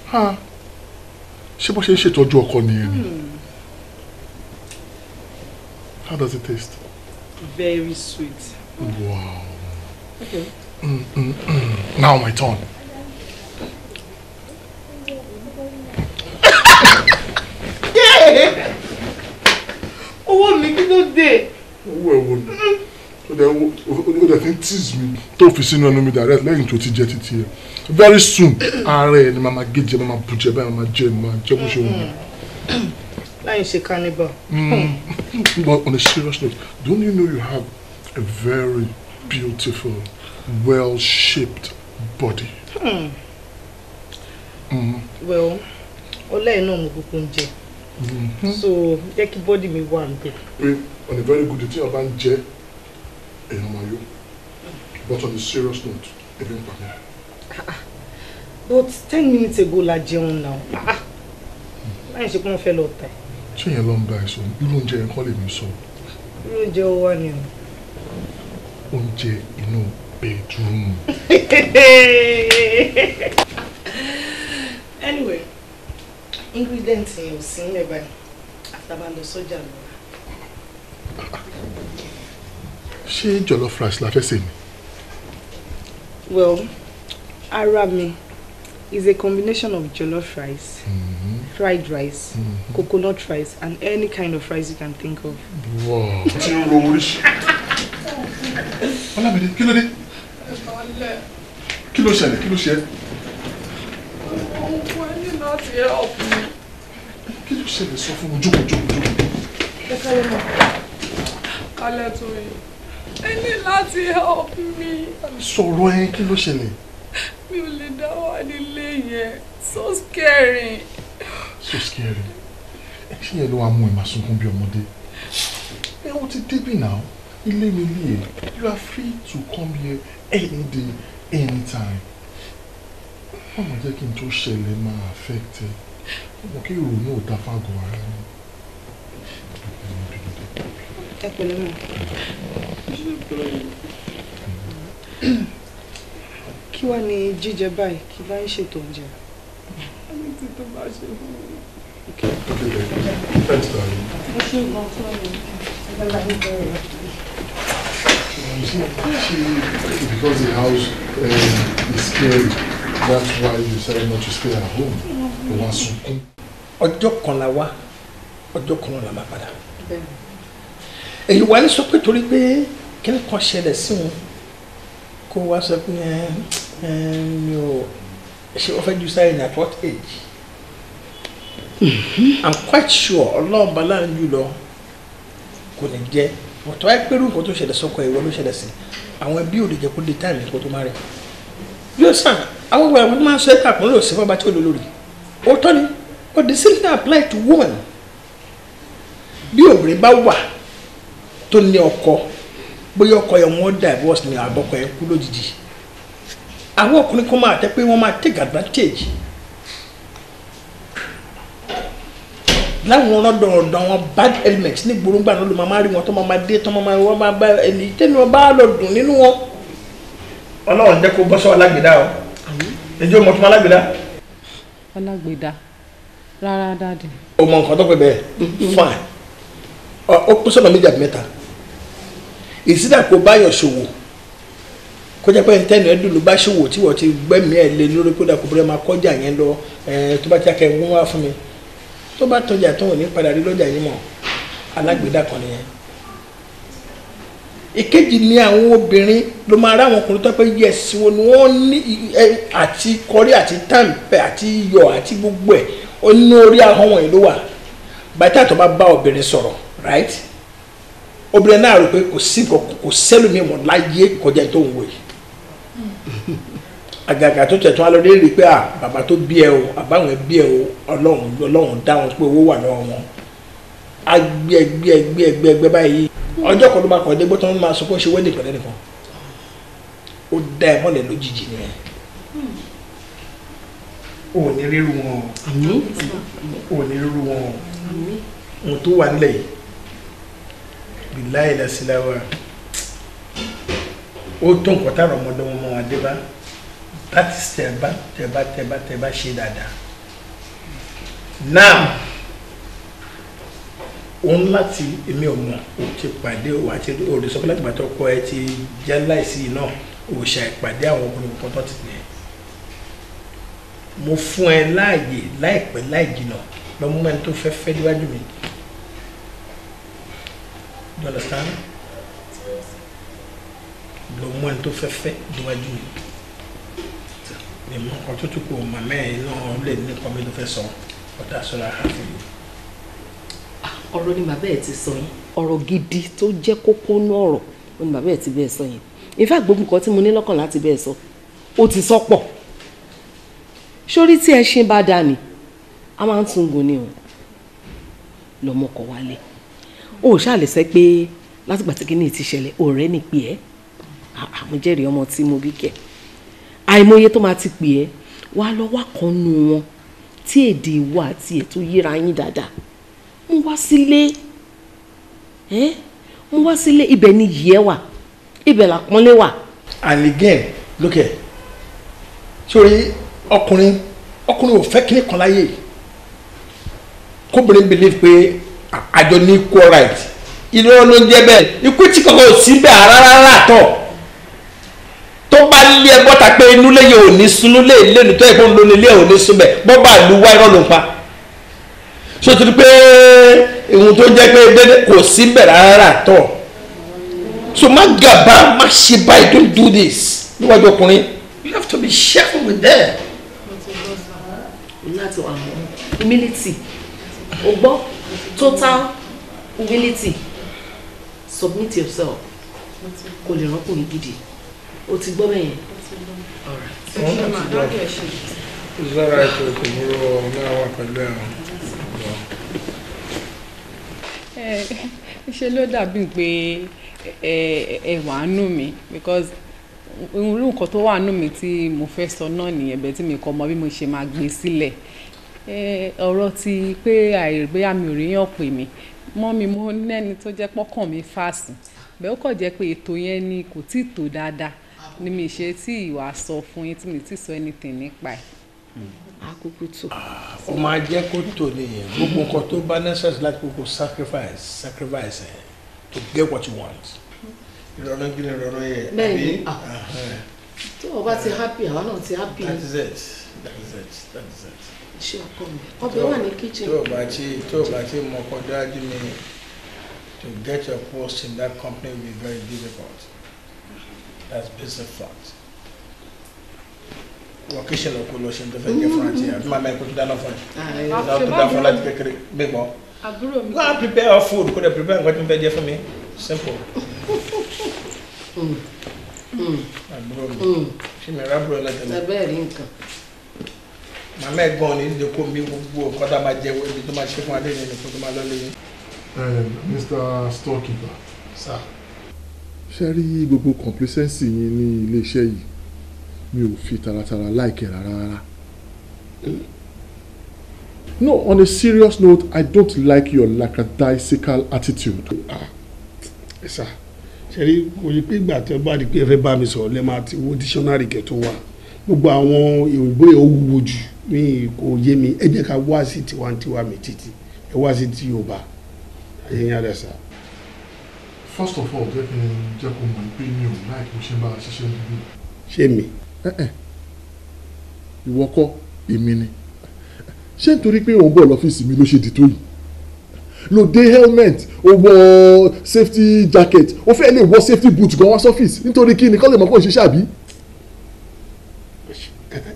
ṣé bó ṣe ń ṣètọ́jú ọkọ nìyẹn ni hmm. how does it taste. very sweet. wow. Okay. Mm, mm, mm. now my turn. owó mi kí ló dé. owó ẹ wo ni ó dẹ̀ fi ń tease mi tó fi sínú ẹnu mi direct lẹ́yìn tó ti jẹ́ títí ẹ very soon ààrẹ ni màmá gèjè màmá bùjẹ báyìí màmá jẹ màmá jẹ bó ṣe wù mí. láyé mm-hmm. ṣe cannibal. Mm-hmm. but on a serious note don't you know you have a very beautiful well-shaped body. Mm. well ọlẹ́yìn náà mo kúkú ń jẹ so jẹ́ kí bọ́dì mi wà níbẹ̀. pé on a very good day tí ọba ń jẹ èèyàn máa yó but on a serious note ebi ń pa mí but ten minutes ago la jẹun náà láì ah, ṣe pé wọ́n fẹ́ lọ tà. ṣé yẹn ló ń bá ẹ sọ irú oúnjẹ yẹn kọ́ lè mi sọ. irú oúnjẹ ó wà ní o. oúnjẹ inú bedroom. anyway ingredient yẹn ò sí nílẹ̀ báyìí àtàbà lọ sọ́jà lọ. ṣé jollof rice la fẹ́ sè mí. well ara mi is a combination of jollof rice, mm-hmm. fried rice, mm-hmm. coconut rice, and any kind of rice you can think of. Wow. kí ló dé? Kí ló ṣẹlẹ̀? Kí ló ṣe? Kí ló ṣẹlẹ̀ sọ fún mi? Jókòó jókòó jókòó. kálẹ̀ tó yẹ. Ẹni láti help me. Sọ̀rọ̀ ẹ, kí ló ṣẹlẹ̀? mi ò lè dá wà nílé yẹn so scary. so scary ṣé yẹn ló wàá mú ìmọ̀ sunkún bí ọmọdé ẹ wọ́n ti débì náà ilé mi lè you are free to come here any day anytime wọ́n mọ̀ jẹ́ kí n tó ṣẹlẹ̀ máa affect ẹ ọmọ kí ìrònú ò dá fágọ̀ ara ni. ẹ pẹ̀lú mi. kí wá ní jíjẹ báyìí kí bá ń ṣètò oúnjẹ. ẹni tó bá ṣe fún mi. Thanks, darling. Thank you, She, because the house um, is scary, that's why you decided not to stay at home. You want sunkún. Ọjọ́ kan la wá, ọjọ́ kan náà la máa padà. Èyí wà ní sọ pé torí pé kí n kàn ṣẹlẹ̀ sí wọn kó wá sọ pé mi ò ṣe wọ́n fẹ́ ju sáyẹn at what age mm-hmm. i'm quite sure ọlọ́ọ̀bá láàrin jùlọ kò ní jẹ́ ọ̀tọ́ àìpẹ́rù nǹkan tó ṣẹlẹ̀ sọ́kọ ìwọ ló ṣẹlẹ̀ sí àwọn ẹbí ò lè jẹ́ kó lè táìmì nǹkan tó má rẹ̀ yóò sàn àwọn ìwà àwọn tó máa ń sọ ẹ́ pàpọ̀ ló sì fọ́ba tí ò lólórí ó tọ́ ni but the same thing apply to woman bí obìnrin bá wà tó ní ọkọ bóyá ọkọ yẹn wọ́n divorce ni àbọ̀kọ yẹn kú lójijì àwọn ọkùnrin kan máa tẹ́ pé wọ́n máa take advantage láwọn ọlọ́dọ̀ọ̀dọ̀ àwọn bad elements ní gbòógbà náà ló máa rí wọn tó máa dé tó máa wọ́n máa bá ẹni tẹ́nu ọba lọ dùn nínú wọn. ọlọ́run jẹ́ kó bọ́sọ̀ alágbèdá o ẹjọ́ mọ̀ fún alágbèdá. alágbèdá rárá dáadé. o mọ nǹkan tó pẹ bẹ́ẹ̀ fine ó pèsè ọ̀nà méjì àbí mẹ́ta ìsídà kò báyọ̀ ṣòwò kó jẹ́ pé tẹ́nu ẹ̀ dùn ló bá ṣòwò tí wọ́n ti gbẹ́mìí ẹ̀ lé lórí kó dàkú bẹ́rẹ̀ máa kọjá yẹn lọ tó bá ti akẹ́ ń wá fún mi tó bá tọjà tó ò ní padà rí lọ́jà yìí mọ̀ alágbèédà kan nìyẹn. ìkejì ni àwọn obìnrin ló máa rá àwọn ọkùnrin tó pé yes wọn ni wọ́n ní àti kọrí àti tàǹpẹ̀ àti iyọ̀ àti gbogbo ẹ̀ ó ní orí ahọ́n wọ̀nyí ló wà bàtà tó bá bá obìnrin sọ̀rọ̀ right obìnrin náà rò pé kò sí kò sẹ́lómi mọ̀ láyé kọjá tó ń wò yìí àgàgà tó tẹ̀tún alọ́dé rí pé à bàbá tó bí ẹ o àbáwọn ẹbí ẹ o ọlọ́run ọlọ́run dá wọn pé owó wà lọ́wọ́ wọn agbẹ́ ẹgbẹ́ ẹgbẹ́ ẹgbẹ́ ẹgbẹ́ báyìí ọjọ́ kan ló máa kọ̀ ọ́ dégbò tó ń máa sọ pé ó ṣe wedding pẹ̀lẹ́ nìkan ó dá ẹ mọ́lẹ̀ lójijì nìyẹn. ò ní rírú wọn ò ní wọn ò tó wà nílẹ̀ yìí bilayi lasilawa ó tó nǹkan táwọn ọmọdé wọn mọ wọn dé bá láti tẹ̀bá tẹ̀bá tẹ̀bá tẹ̀bá ṣe dáadáa now òun láti èmi ò mọ ò ti pàdé ò àti òde sọ pé láti gbàtọ kọ ẹ ti jẹ láìsí iná òòṣà ìpàdé àwọn ọkùnrin kan tó ti pè é e e mo fún ẹ láàyè láìpẹ́ láì jìnà lọ mú ẹni tó fẹ́ fẹ́ níwájú mi you understand lo mú ẹni tó fẹ́ fẹ́ níwájú mi mi mú ọkọ tó tún kù màmá ẹ náà lè nípa mi ló fẹ́ sọ ọ̀dà sọ̀rọ̀ àhàfẹ́ mi. ọ̀rọ̀ ni bàbá ẹ̀ ti sọ yín ọ̀rọ̀ gidi tó jẹ́ kókó nú ọ̀rọ̀ ó ní bàbá ẹ̀ ti bẹ́ẹ̀ sọ yẹn ìfẹ́ àgbógun kan tí mo ní lọ́kàn láti bẹ́ẹ̀ sọ ti sọ pọ̀ sórí tí ẹ ṣe bá dà ní a máa ń tún gùn ni o lọ́mọkọ̀ wálé o ṣáà lè sẹ́ pé látìgbà tí kìíní ti ṣẹlẹ̀ ọ̀rẹ́ ni pè ẹ́ àwọn jẹ́rìí ọmọ tí mo bí kẹ̀ àìmọye tó máa ti pè ẹ́ wá lọ wá kan nu wọn tí èdè wa àti ètò yíra yín dáadáa mo wá sílé ẹ́ mo wá sílé ibẹ̀ ni yìí ẹ́ wà ibẹ̀ làpọ́nlé wà. and again look here sori ọkùnrin ọkùnrin ò fẹ́ kíní kan láyè kóbìnrin believe pé àjọ ní equal right irọ́ ló ń jẹ́ bẹ́ẹ̀ ikú tí kankan ò sí bẹ́ẹ̀ rárá tọ̀ tó bá lé ẹ bọ́ta pé inú lẹ́yìn ò ní sunú lé lẹ́nu tó yẹ kó ń lo nílé ò ní sun bẹ́ẹ̀ bọ́ bá lu wá irọ́ ló ń pa sotu pé ìhun tó jẹ́ pé dédé kò sí bẹ́ẹ̀ rárá tọ̀ so má gàba má ṣe báyìí don't do this níwájú ọkùnrin you have to be careful with them. láti wà mọ́ humility o gbọ́ total humility submit yourself kò lè rọ́pò ní gidi o ti gbọ́ bẹ́yẹn. zara ètò ìkòmúrò náà wà pẹ̀lú ẹ̀rọ. ṣe ló dàbí pé ẹ wà á nù mí because irú nǹkan tó wà nù mí tí mo fẹ́ sọ náà nìyẹn bẹ́ẹ̀ tí mi kọ́ mọ bí mo ṣe máa gbé sílẹ̀. Si ọ̀rọ̀ ti pé àìbóyá mi ò ríyàn pè mí mọ́ mi mo nẹ́ni tó jẹ́ pọ́kàn mi fàásì bẹ́ẹ̀ ó kàn jẹ́ pé ètò yẹn ni kò tí ì tó dáadáa ni mi ṣe tí ìwà sọ fún yín tí mi ti sọ anything nípa ẹ̀ àkókò tó. ó máa jẹ́ kó tó nìyẹn gbogbo nǹkan tó bá necessary láti gbogbo sacrifice sacrifice ẹ̀ to get what you want ìrọ̀rùn kí ni ìrọ̀rùn yẹ àbí. tó o bá ti happy àwọn náà ti happy. that is it that is it that is it ṣe ọkọ mi ọbẹ̀ wà ní kitchen. tó o bá ti tó o bá ti mọ ọkọ dájú mi to get your post in that company will be very difficult that's basic fact. wọ́n kí ṣẹlẹ̀ kó lọ ṣe tó fẹ́ jẹ́ fúrántì àbí màmá ẹ̀ kó tó dáná fún ẹ̀ náà tó dáná fún láti kékeré gbẹ̀gbọ́n. àbúrò mi. wọ́n á prepare our food kó dẹ̀ prepare nǹkan tó ń fẹ́ jẹ fún mi simple. Hmm. Hmm. àbúrò mi hmm. ṣe mi rábúrò náà tẹ̀lé. ṣàbẹ́ẹ̀ rí nǹkan màmá ẹ̀gbọ́n ni ìdílé kó mi gbogbo nǹkan tá a máa jẹ ibi tó máa ṣe fún adéyìn nìkan tó máa lọ lẹ́yìn. Mr storekeeper sir ṣe rí gbogbo complacency yín ní iléeṣẹ́ yìí mi ò fi taratara láìkẹ́ rárá rárá. No, on a serious note, I don't like your lackadaisical attitude. Ah, sir ṣe rí oye pé ìgbà tí ẹ bá di pé ẹ fẹ́ bá mi sọ̀rọ̀ lẹ́ẹ̀ máa ti wo dictionary kẹ́ tó wà gbogbo àwọn òyìnbó yẹn ó wúwo jù mi kò yé mi ẹ jẹ́ ká wá sí tiwantiwa mi títí ẹ wá sí ti Yorùbá ẹ̀yìn yàrá sá. first of all jẹ́ kí n jẹ́ kó mọ̀ pé mi ò láì kó ṣe ń bá a ṣiṣẹ́ níbí. ṣé mi. ìwọ kọ́ èmi ni ṣé nítorí pé òun bọ̀ lọ́fíìsì mi ló ṣe dìtò yìí lo dé helmet o wọ safety jacket o fẹ́ lè wọ safety boot gan wá sọ́fíìsì nítorí kí ni kọ́ lè mọ̀ kó o ṣiṣẹ́ àbí.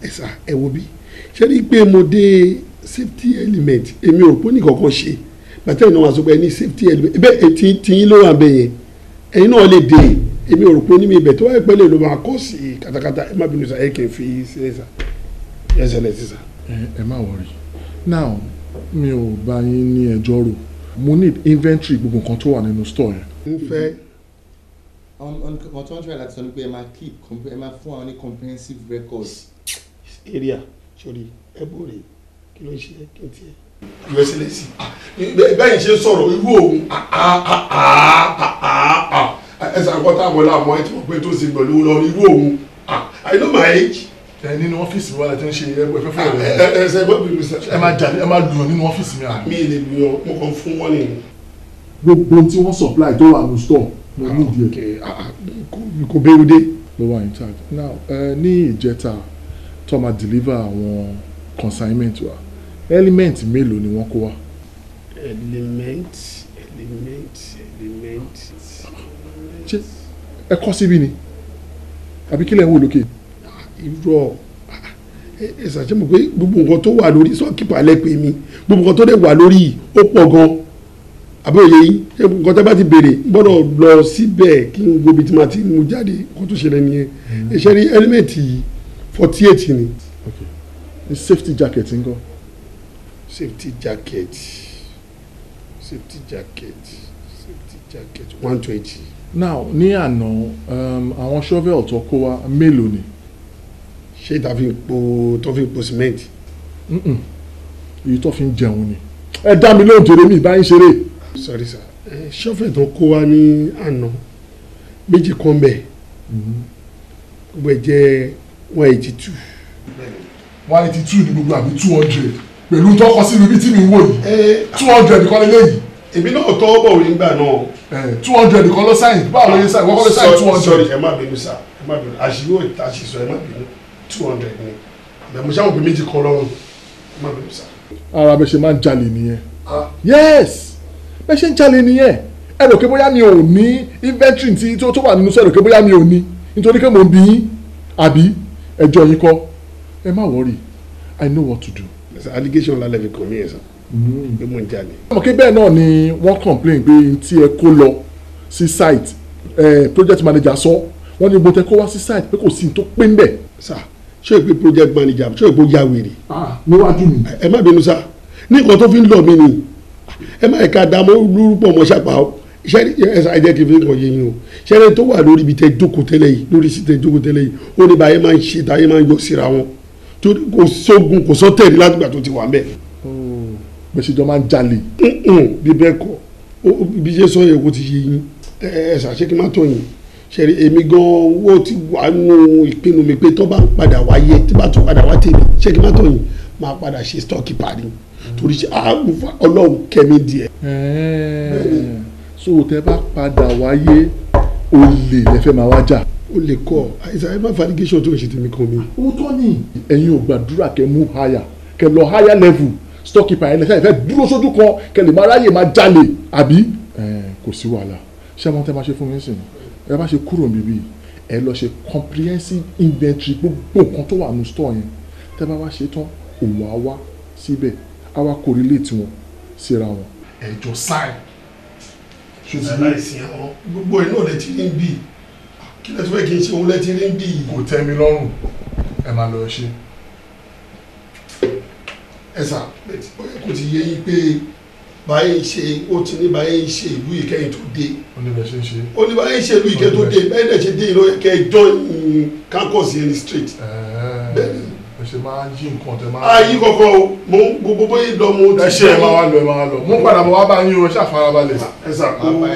ẹ sà ẹ wo bí ṣe rí i pé mo dé safety element èmi ò pé nìkankan ṣe bàtà ìnáwó àsopọ̀ ẹni safety element bẹ́ẹ̀ etí tiyín ló wà bẹ́ẹ̀ yẹn ẹ̀yin náà lè dé èmi ò rò pé onímọ̀ ibẹ̀ tó wáyé pẹ́lẹ́ ló máa kọ́ sí katakata ẹ má bínú sa ẹ kì í fi sílẹ̀ sa ẹ sẹlẹ̀ sí sa. ẹ má wọrí now mi ò bá yín ní ẹjọ́ rò mo need inventory gbogbo nǹkan tó wà nínú store yẹn. n fẹ́ ọ̀tún ọ̀tún ẹ̀ láti sọ ní pé ẹ máa keep ẹ máa fún àwọn ní comprehensive records. area sórí ẹbú rèé kí ló ń ṣe kí n tiẹ̀. àjọ ẹsẹlẹsì ah, bẹ́ẹ̀ ṣe sọ̀rọ̀ irú òun ah, ah, ẹsẹ̀ àkọ́tà àwọn làwọn ẹ̀ tí wọ́n pé tó ṣe pẹ̀lú lọ irú òun I know my age nínú ọ́fíìsì wa la ti ń ṣe ẹgbẹ́ fẹ́fẹ́ rẹ̀ ẹsẹ̀ ẹgbẹ́ mi sẹ́ ẹ máa jà ẹ máa lù ọ́ nínú ọ́fíìsì mi. mi lè lu ọ mo kàn fún wọn nìyẹn. gbogbo tí wọ́n supply tó wà ní store mo ní ìdí ẹ̀. kò bẹ́ẹ̀ dé. ló wà ní ìjẹta tó máa deliver àwọn consignment wa element mélòó ni wọ́n kó wa. element element element. ṣé ẹ kọ́ síbí ni àbí kílẹ̀ ń wò lókè. irọ́ ẹ ṣàṣẹ́mọ̀ pé gbogbo nǹkan tó wà lórí sọ́ọ̀kìpà lẹ́pẹ́ mi gbogbo nǹkan tó dẹ̀ wà lórí ó pọ̀ gan-an àbẹ̀yẹ yìí ṣé nǹkan tí a bá ti béèrè gbọ́dọ̀ lọ síbẹ̀ kí n gbobi tí màá ti mú jáde nǹkan tó ṣẹlẹ̀ nìyẹn hmm. ẹ ṣe rí ẹ́límẹ̀tì yìí forty eight Okay. The safety jacket ń kọ́. safety jacket safety jacket safety jacket one twenty. now ní àná um, àwọn shovel tó kó wa mélòó ni. ṣé ìta fi ń po tó fi ń po cement. èyí tó fi ń jẹun ni. ẹ dá mi lóhùn tèrè mi bá ń ṣeré. sorry sir shovel tó kó wa ní àná méjì kan bẹ̀ gbogbo ẹ̀ jẹ́ one eighty two. one eighty two ni gbogbo àbí two hundred pẹ̀lú tọkọ sínú ibi tí mi ń wò yìí eh, two hundred nìkan lé léyìí. èmi náà tọ́ bọ̀ orí gbà náà. Eh, two hundred nìkan ló sáyìn báwo ló sáyìn wọ́n kọ́ ló sáyìn two hundred. sorry ẹ má bínú sá ẹ má bínú àṣìwò àṣìṣọ ẹ má bínú two hundred ni bẹ̀rù sáwọn òbí méjì kan lọ́rùn ẹ má bínú sá. ara bẹ ṣe máa ń jalè nìyẹn ah. yes bẹ ṣe ń jalè nìyẹn ẹ rò pé bóyá mi ò ní inventory tí tó wà nínú sọ ẹ rò pé bóyá mi ò ní nítorí pé mo ń bí yín àbí ẹjọ́ yín kọ́ ẹ má wọ́ọ̀rì i know what to do. allegation lálẹ́ fi kàn mí yẹn sàn pé mo ń jalè. ọmọ kí bẹ́ẹ̀ náà ni wọ́n complain pé tí ẹ kó lọ sí site project manager sọ wọ́n ní gbọ́dọ̀ kó wá sí site pé kò sí ní tó pé ń bẹ̀. sà ṣé ìpè project manager ṣé ìpò ya wèrè. níwájú mi. ẹ má bínú sá ní nǹkan tó fi ń lọ mí ni ẹ má ẹ̀ka dààmú lórúkọ ọmọ ṣàpá o sẹ́ni ẹ̀sán ẹ̀jẹ̀ kí n fi kàn yé yín o sẹ́ni tó wà lórí ibi tẹ́ jókòó tẹ́lẹ̀ yìí lórí sí tẹ́ jókòó tẹ́lẹ̀ yìí ó ní báyé máa ń ṣe táyé máa ń yọ síra wọn torí kò sógun kò sọ tẹ̀lé látìgbà tó ti wà mẹ́. bẹ́sẹ̀ hmm. jọ máa ń jalè. bí bẹ́ẹ̀ kọ́ bí ṣe sọ yẹ kó ti yé yín ẹ̀sán ṣé kí n má tọ̀ yín sẹ́ni èmi gan owó ti wà nù ìpinnu mi pé tó bá ń padà wáyé tí bá tún padà wá tèmi ṣé kí n má ṣe hmm. ọlọ́run kẹ́mi díẹ̀ so tẹ bá padà wáyé o lẹ fẹ́ máa wá jà. o lè kọ àìsàn ẹ̀fà validation tó ń ṣe tèmi kan ni. o tọ́ ni ẹ̀yin ò gbàdúrà kẹ́ mú higher kẹ́ lọ higher level stock keeper ẹ̀ lẹ́sẹ̀ ìfẹ́ dúró sójú kan kẹ́ lè máa ráyè máa jalè àbí. kò sí wàhálà ṣé àwọn tẹ máa ṣe fún mi sìn ẹ bá ṣe kúrò níbí ẹ lọ ṣe comprehensive inventory gbogbo nǹkan tó wà ní store yẹn tẹ bá wá ṣe tán òun á wá síbẹ̀ á wá correlate wọn síra wọn. ẹjọ sign ṣùgbọ́n láìsí ẹ̀wọ̀n gbogbo iná lè ti rí bí kí lẹ́tí fẹ́ kí n ṣe òun lẹ́tí rí bí. kò tẹ́ mi lọ́rùn ẹ máa lọ ṣe. ẹ sà bóyá kò ti yé yín pé báyé ń ṣe ó ti ní báyé ń ṣe ìlú ìkẹyìn tó dé. ó ní báyé ń ṣe. ó ní báyé ń ṣe ìlú ìkẹyìn tó dé bẹ́ẹ̀ dẹ̀ ṣe dé ìlú ìkẹyìn jọ́ ìhun kákọ̀sì ẹni straight. bẹ́ẹ̀ ni ṣe máa ń jí nǹkan tẹ máa. ayé ah, kọ̀ọ̀kan o mo ń gbogbo bóyá lọ mo ti. ẹ ṣe ẹ máa wá lọ ẹ máa lọ mo ń padà bọ̀ wá bá yín o ṣáà farabalẹ̀. Ah, ẹ sà kó gbogbo bóyá.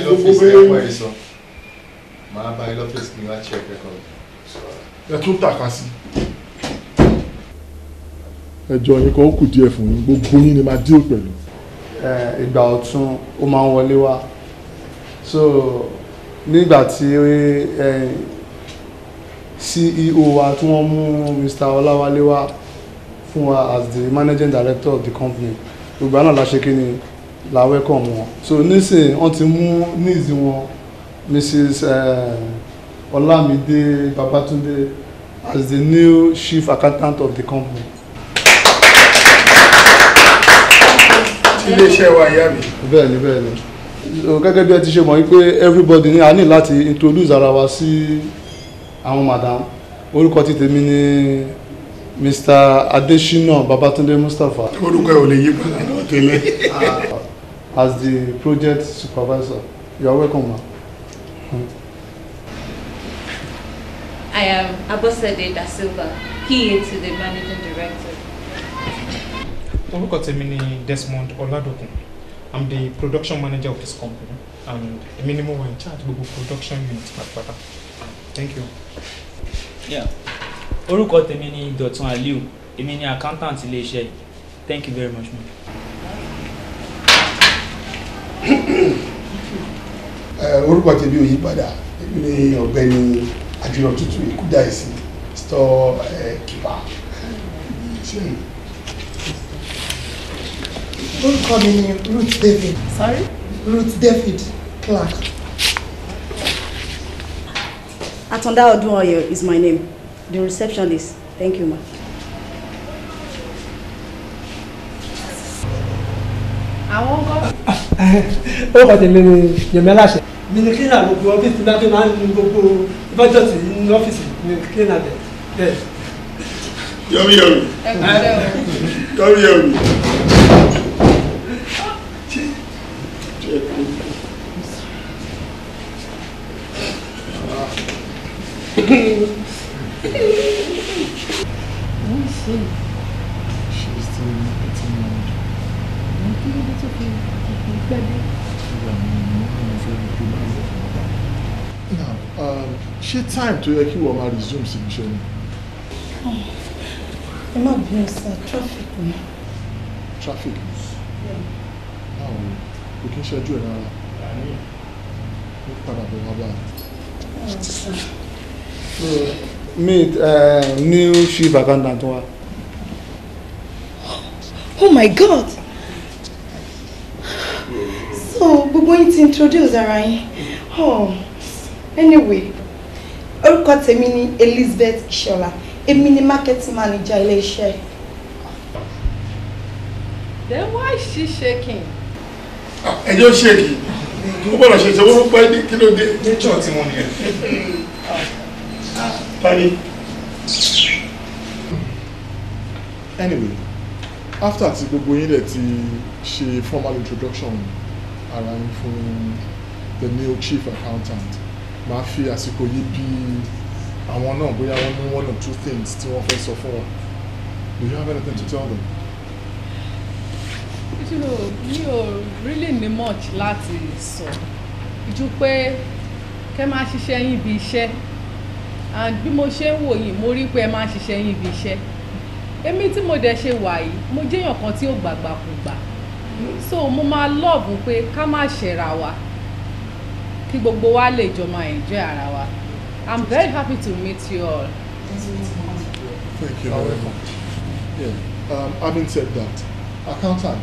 máa bá ilé ọ́fíìsì mi wá check record. ẹ tún tàka sí i. yín kan ó kù díẹ̀ fún yín gbogbo yín ni máa deal pẹ̀lú. ìgbà ọ̀tun ó máa ń wọlé wá so nígbà tí CEO wa tí wọ́n mú Mr. Ọláwálé wá fún wa as the managing director of the company gbogbo àná la ṣe kí ni la welcome wọn so nísìnyí wọ́n ti mú needs wọn Mrs. Ọlámídé eh, Babátúndé as the new chief accountant of the company. iléeṣẹ́ wa ìyá mi. bẹ́ẹ̀ni bẹ́ẹ̀ni gẹ́gẹ́ bí ẹ ti ṣe mọ̀ wípé everybody ni a ní láti introduce ara wa sí. Si àwọn madam orúkọ ti tèmi ni Mr. Adesina Babatunde Mustapha. orúkọ ò lè yí padà lọ tẹ́lẹ̀. Ah, as the project supervisor you are welcome ma. I am Abosede Da Silva, PA to the managing director. Orúkọ tèmi ni Desmond Oladokun. I'm the production manager of this company and èmi ni mo wà in charge gbogbo production unit pátápátá thank you. yeah orúkọ tèmi ni Dọ̀tun Aliu èmi ni accountant iléeṣẹ́ yìí thank you very much ma. Eh, orúkọ tèmi ò yí padà èmi ni ọ̀gbẹ́ni àjùlọ tuntun ìkúdàísí store eh, keeper. orúkọ mi ni Ruth David sorry Ruth David Clark. Atanda Odunoye is my name. The receptionist. Thank you, ma'am. Àwọn ọkọ. Ó kọ̀ tèmi ni Yèmí Aláṣẹ. Mi ni kílà gbogbo ọ́fíìsì náà tó máa ń nu gbogbo bọ́jọ̀tì ní ọ́fíìsì mi kílà bẹ̀. Yọ̀mí yọ̀mí. Yọ̀mí yọ̀mí. ṣé time tó yẹ kí wọ́n máa resume sí iṣẹ́ ni. ẹ má bínú sir traffic ni. traffic ni. báwo ni kò kí n ṣẹ́jú ẹ̀ rárá. ó padà bọ̀ wá báyìí meet eh, new chief accountant oh my god so gbogbo going to introduce ara yín oh anyway orúkọ tèmi ni Elizabeth Ìṣọ̀lá èmi ni marketing manager ilé iṣẹ́. then why is she shaking. ẹjọ́ ṣèkì ó bọ̀rọ̀ ṣe ṣe wọ́n pẹ́ kí ló dé. nature tí wọ́n yẹ. Tani. Anyway, after ti gbogbo yín dẹ̀ ti ṣe formal introduction ara yín fún the new chief accountant, màá fi àsìkò yìí bí àwọn náà bóyá wọ́n ní one or two things tí wọ́n fẹ́ sọ fún wa. Do you have anything to tell them? You know, mi ò really ní much láti sọ. Ìjú pé kẹ́ máa ṣiṣẹ́ yín bí iṣẹ́ and bí mo ṣe ń wò yìí mo rí pé ẹ máa ń ṣiṣẹ́ yín ibi iṣẹ́ èmi tí mo dẹ̀ ṣe wà yìí mo jẹ́yàn kan tí ò gbàgbà kù gbà so mo máa lọ́ọ̀bù pé ká má ṣẹ̀ra wa kí gbogbo wa lè jọ máa enjoy ara wa I'm very happy to meet you all. Thank you very much. Yeah. Um, having said that, accountant,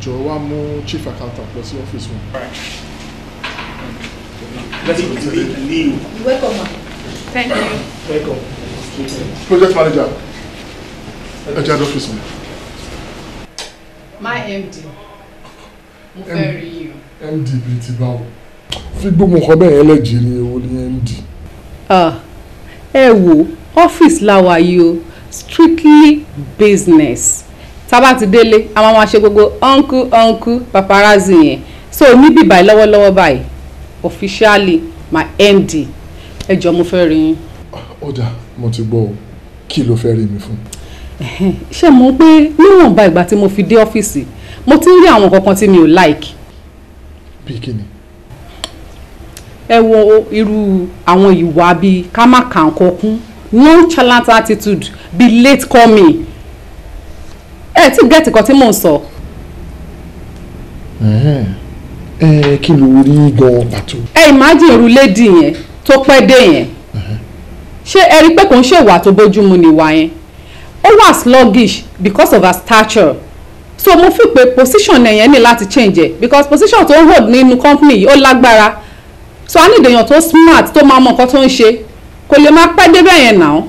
jọ̀wọ́ wá mú chief accountant lọ sí ọ́fíìsì wọn. Let's go to the leave. Welcome. Thank you. Welcome. Project manager. Ẹja dọ́ fèsì mi. My MD. Mo fẹ́ you yìí MD bíi ti báwo? Fi gbogbo nǹkan MD. Ah. wo Office làwa yìí o strictly business tá dele ti délé a máa ma ṣe uncle uncle paparazzi yẹn so by lower lower by. officially my MD ẹ mo fẹ́ rí yín. ó dà mo ti gbọ́ kí ló fẹ́ rí mi fún. ṣé mo pé níwọ̀nba ìgbà tí mo fi dé ọ́fíìsì mo ti ń rí àwọn kankan tí mi ò like. bí kí ni. ẹ wo irú àwọn ìwà bíi ká má kà ń kọkún nonchalant attitude be late call me. ẹ ti gẹ́ẹ̀tì kan tí mò ń sọ. ẹ ẹ kí ló rí gan-an pàtó. ẹ imagine irú lady yẹn tó pẹ́ dé yẹn ṣé ẹ rí pé kò ń ṣèwà tó bójúmu nìwà yẹn ó wà sluggish because of her stature so mo fi pé position ẹ̀yẹn ní láti change ẹ̀ because position tó ń hold nínú company yìí ó lágbára so a need èèyàn tó smart tó máa mọ nǹkan tó ń ṣe kò lè máa pẹ́ débẹ̀ yẹn náà.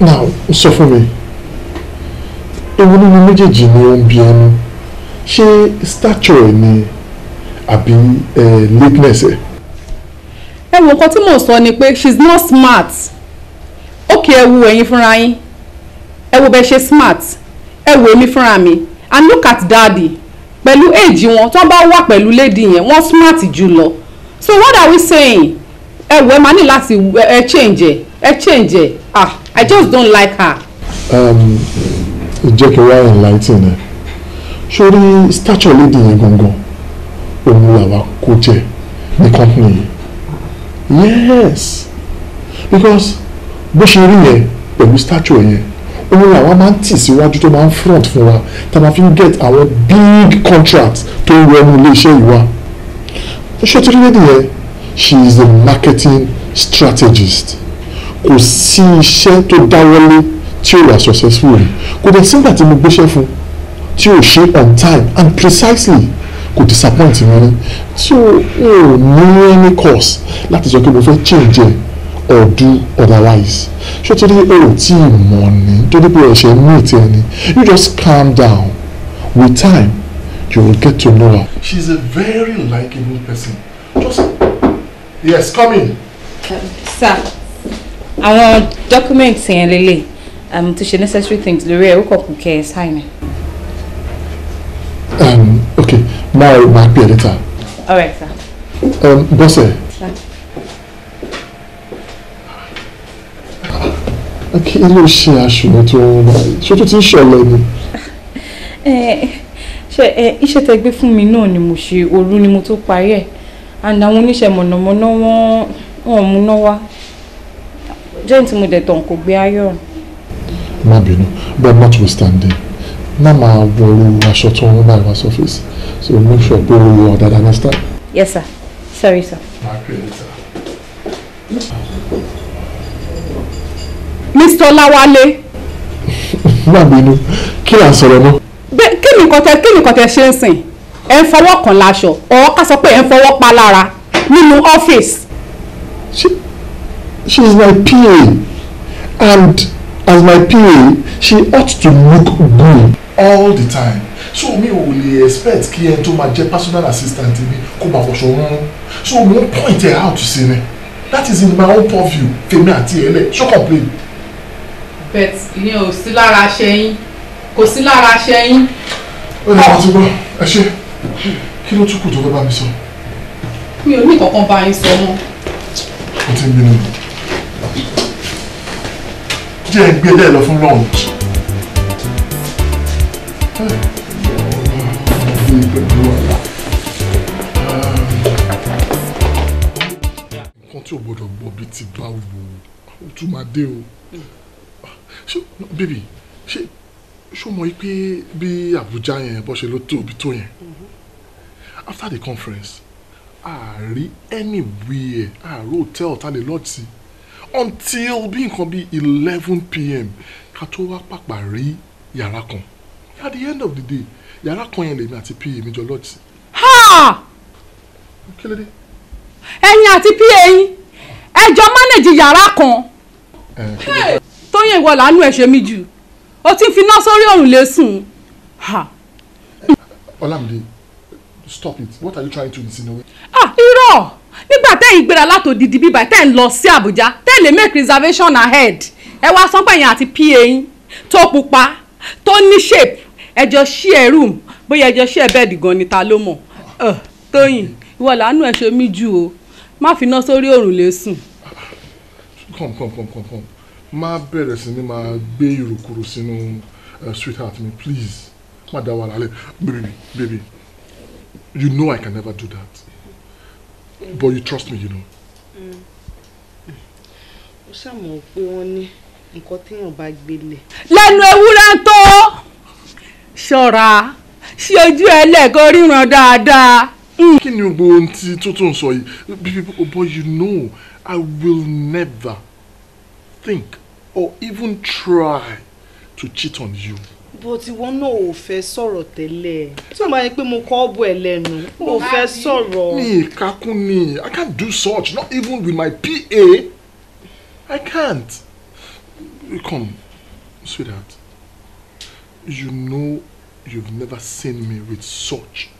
now sọ fún mi ewu nínú méjèèjì ni ó ń bí ẹnu ṣé stature ẹ ni àbí eh, lateness ẹ ẹ wo nǹkan tí mò ń sọ ni pé she's not smart ókè ẹ wo ẹ̀yin fúnra yín ẹ wo bẹ ṣe smart ẹ wo èmi fúnra mi and look at daddy pẹ̀lú èjì wọn tó bá wà pẹ̀lú lady yẹn wọ́n smart jù lọ so what are we saying ẹ wo ẹ máa ní láti ẹ change ẹ change ah I just don't like her. Um, jẹ́ kí wá enlightening ẹ̀ sórí stature lady yẹn gangan òun làwa kó jẹ ní company yìí yes because bó ṣe rí yẹn pẹ̀lú statue yẹn òun làwa máa ń tì síwájú tó máa ń front fún wa tá a máa fi ń get àwọn big contract tó ń wọnú iléeṣẹ́ ìwà ṣètìlú lady yẹn she is a marketing strategist kò sí iṣẹ́ tó dáwọ́lé tí ó wà successful rí kò dẹ̀ sígbà tí mo gbéṣẹ́ fún tí ó ṣe on time and precisely kò disappoint mi so o ò ní any cause láti sọ pé mo fẹ́ change ẹ̀ or do otherwise ṣé torí o ò tí ì mọ̀ ní torí pé ẹ̀ṣẹ̀ meet ẹ ni you just calm down with time you will get to know her. she is a very likable person just yes come in. Um, sir àwọn documents yẹn lélẹ̀ um, to ṣe necessary things lórí ẹ̀ ó kọ̀ kù kẹ́ ẹ̀ sign. Um, okay Now it might be a later. All right, sir. Um, Bosse. Sir. Kí ló ṣe aṣùnà tó ń wá yìí? Ṣé tó ti ń ṣọ̀lẹ̀ ni? Eh, Ṣé eh, iṣẹ́ tẹ gbé fún mi náà ni mo ṣe òru ni mo tó parí ẹ̀. And àwọn oníṣẹ́ mọ̀nàmọ́ná wọ́n wọ́n mú náà wá. Jẹ́yìn tí mo dẹ̀ tàn kò gbé ayọ̀. Má bínú, but notwithstanding, má máa wọrú aṣọ tó ń bá ìwà surface so make sure pé o yọ ọ̀dàdà Understand? yes sir sorry sir. mr lawale. má bínú kí là ń sọ̀rọ̀ náà. bẹ́ẹ̀ kí ni kọ́tẹ́ kí ni kọ́tẹ́ ṣe ń sìn ẹ̀ ń fọwọ́ kan láṣọ ọ̀ ká sọ pa lára nínú ọ́fíìsì. she She's my PA and as my PA she ought to look good all the time so me ò expect kí ẹni tó personal assistant to be máa fọṣọ rọrùn so mo ń point her out sí me? that is in my own purview fèmi àti ẹlẹ so complain. bet ìyẹn ò sí lára ṣẹyìn kò sí lára ṣẹyìn. ó ní àwọn tí gbọ́ ẹ ṣe kí ló tún kù tó fẹ́ bá mi sọ. mi ò ní kankan bá yín sọ mọ́. o ti ń bínú jẹ́ ń gbélé lọ fún lọ́hùn. nǹkan tí o gbọ́dọ̀ gbọ́ bíi ti bá wò ó tún máa dé o ṣé bíbí ṣé ṣó mọ̀ pé bí Àbújá yẹn bọ́ ṣe ló tóbi tó yẹn after the conference àárí anywhere àárò hotel ta lè lọ́ọ̀tì until bí nǹkan bíi eleven pm ká tó wá pàpà rí yàrá kan at the end of the day yàrá kan yẹn lèmi àti pa mi jọ lọ́ọ̀tì. kí ló dé. ẹ̀yin àti pa yín ẹjọ mánéjì yàrá kan tóyìn ìwọ làánú ẹ ṣe mí jù ó ti fi iná sórí òrùn lẹ́sùn. Olamide stop it what are you trying to insinuate. ah irọ́ nígbà tẹ́yìn gbéra látòdìdí bíbá tẹ́ ń lọ sí Àbújá tẹ́ lè make reservation ahead ẹ wá sọ pé ẹ̀yìn àti pa yín tó pupa tó ní shape ẹjọ́ sí ẹ̀ room bóyá ẹjọ́ sí ẹ̀ bẹ́ẹ̀dì gan ni ta ló mọ̀ Tóyìn ìwọ làánú ẹ̀ ṣe mí jù o má fi iná sórí òrùlé sùn. come come come come come má bẹ̀rẹ̀ sí ni máa gbé ìròkúrò sínú sweetheart mi please má dá wàhálà lẹ baby baby you know I can never do that. Mm. But you trust me, you know. Ó mm. ṣàmọ̀ pé wọ́n ní nǹkan téèyàn bá gbélé. Lẹ́nu ewúrẹ́ tó ṣọ́ra ṣí ojú ẹ lẹ́ẹ̀kan ríran dáadáa. Mm. Kí ni gbogbo ohun tí tó sọ yìí? But you know I will never think or even try to cheat on you but ìwọ náà ò fẹ́ sọ̀rọ̀ tẹ́lẹ̀ tí wọ́n bá yẹ pé mo kọ́ ọ́ bọ̀ ẹ̀ lẹ́nu ò fẹ́ sọ̀rọ̀. mi kakun ni i can't do such not even with my PA i can't come sweetheart you know you've never seen me with such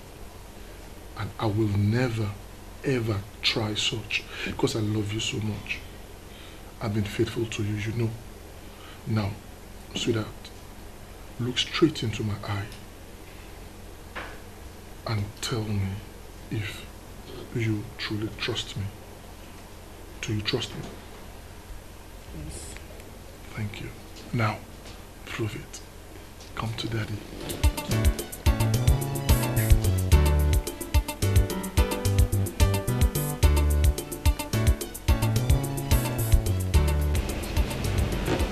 and i will never ever try such because i love you so much i've been faithful to you you know now sweetheart look straight into my eye and tell me if you truly trust me. Do you trust me? Yes. Thank you. Now, prove it. Come to daddy.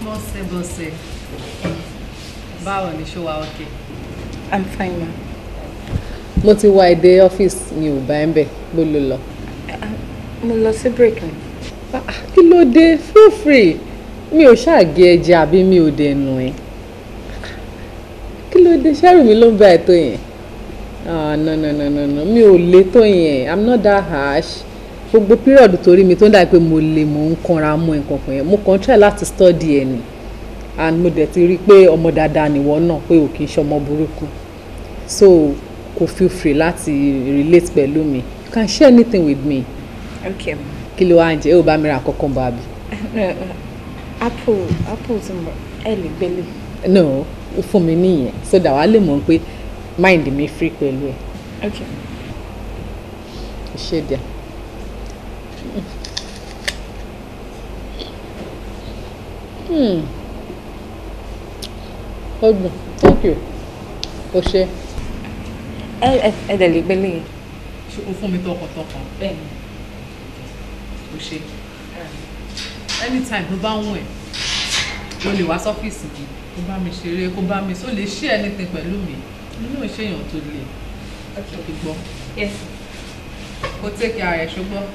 Você, você. Eh, báwo ni ṣó wa ok. i'm fine ma. mo ti wá èdè ọ́fíìsì mi ò bá ẹ̀ ń bẹ̀ bó ló lọ. mo lọ sí break ni. Ah, kí ló dé feel free mi ò ṣàgé ẹja àbí mi ò dẹnu ẹ kí ló dé ṣẹ́rù mi ló ń bá ẹ tó yẹn ah no no no no no mi ò le tó yẹn i'm not that harsh gbogbo pírọ̀dù torí mi tó ń dà pé mo lè mo ń kanra mọ nǹkan kan yẹn mo kàn try láti study ẹ ni and mo dẹ̀ ti rí i pé ọmọ dáadáa nìwọ náà pé ò kì í ṣọmọ burúkú so kò feel free láti relate pẹ̀lú mi you can share anything with me. okay. kí ló wá ń jẹ ẹ ò bá mi ra àkọ́kọ́ bá bi. apple apple ti mọ ẹ lè gbélé. no fún mi nìyẹn so that wàá lè mọ̀ pé mind mi free pẹ̀lú ẹ. okay. ṣé díẹ̀. Hmm. hmm ó dùn thank you ó ṣe. ẹ ẹ ẹ dẹ̀ lè gbélé yẹn. ṣé o fún mi tọkàntọkàn bẹ́ẹ̀ ni ó ṣe anytime ló bá ń wẹ̀ o lè wá sọ́fíìsì mi kó bá mi ṣeré kó bá mi so lè ṣe anything pẹ̀lú mi inú ìṣèyàn tó le ṣùgbọ́n kó take care ẹ̀ ṣùgbọ́n.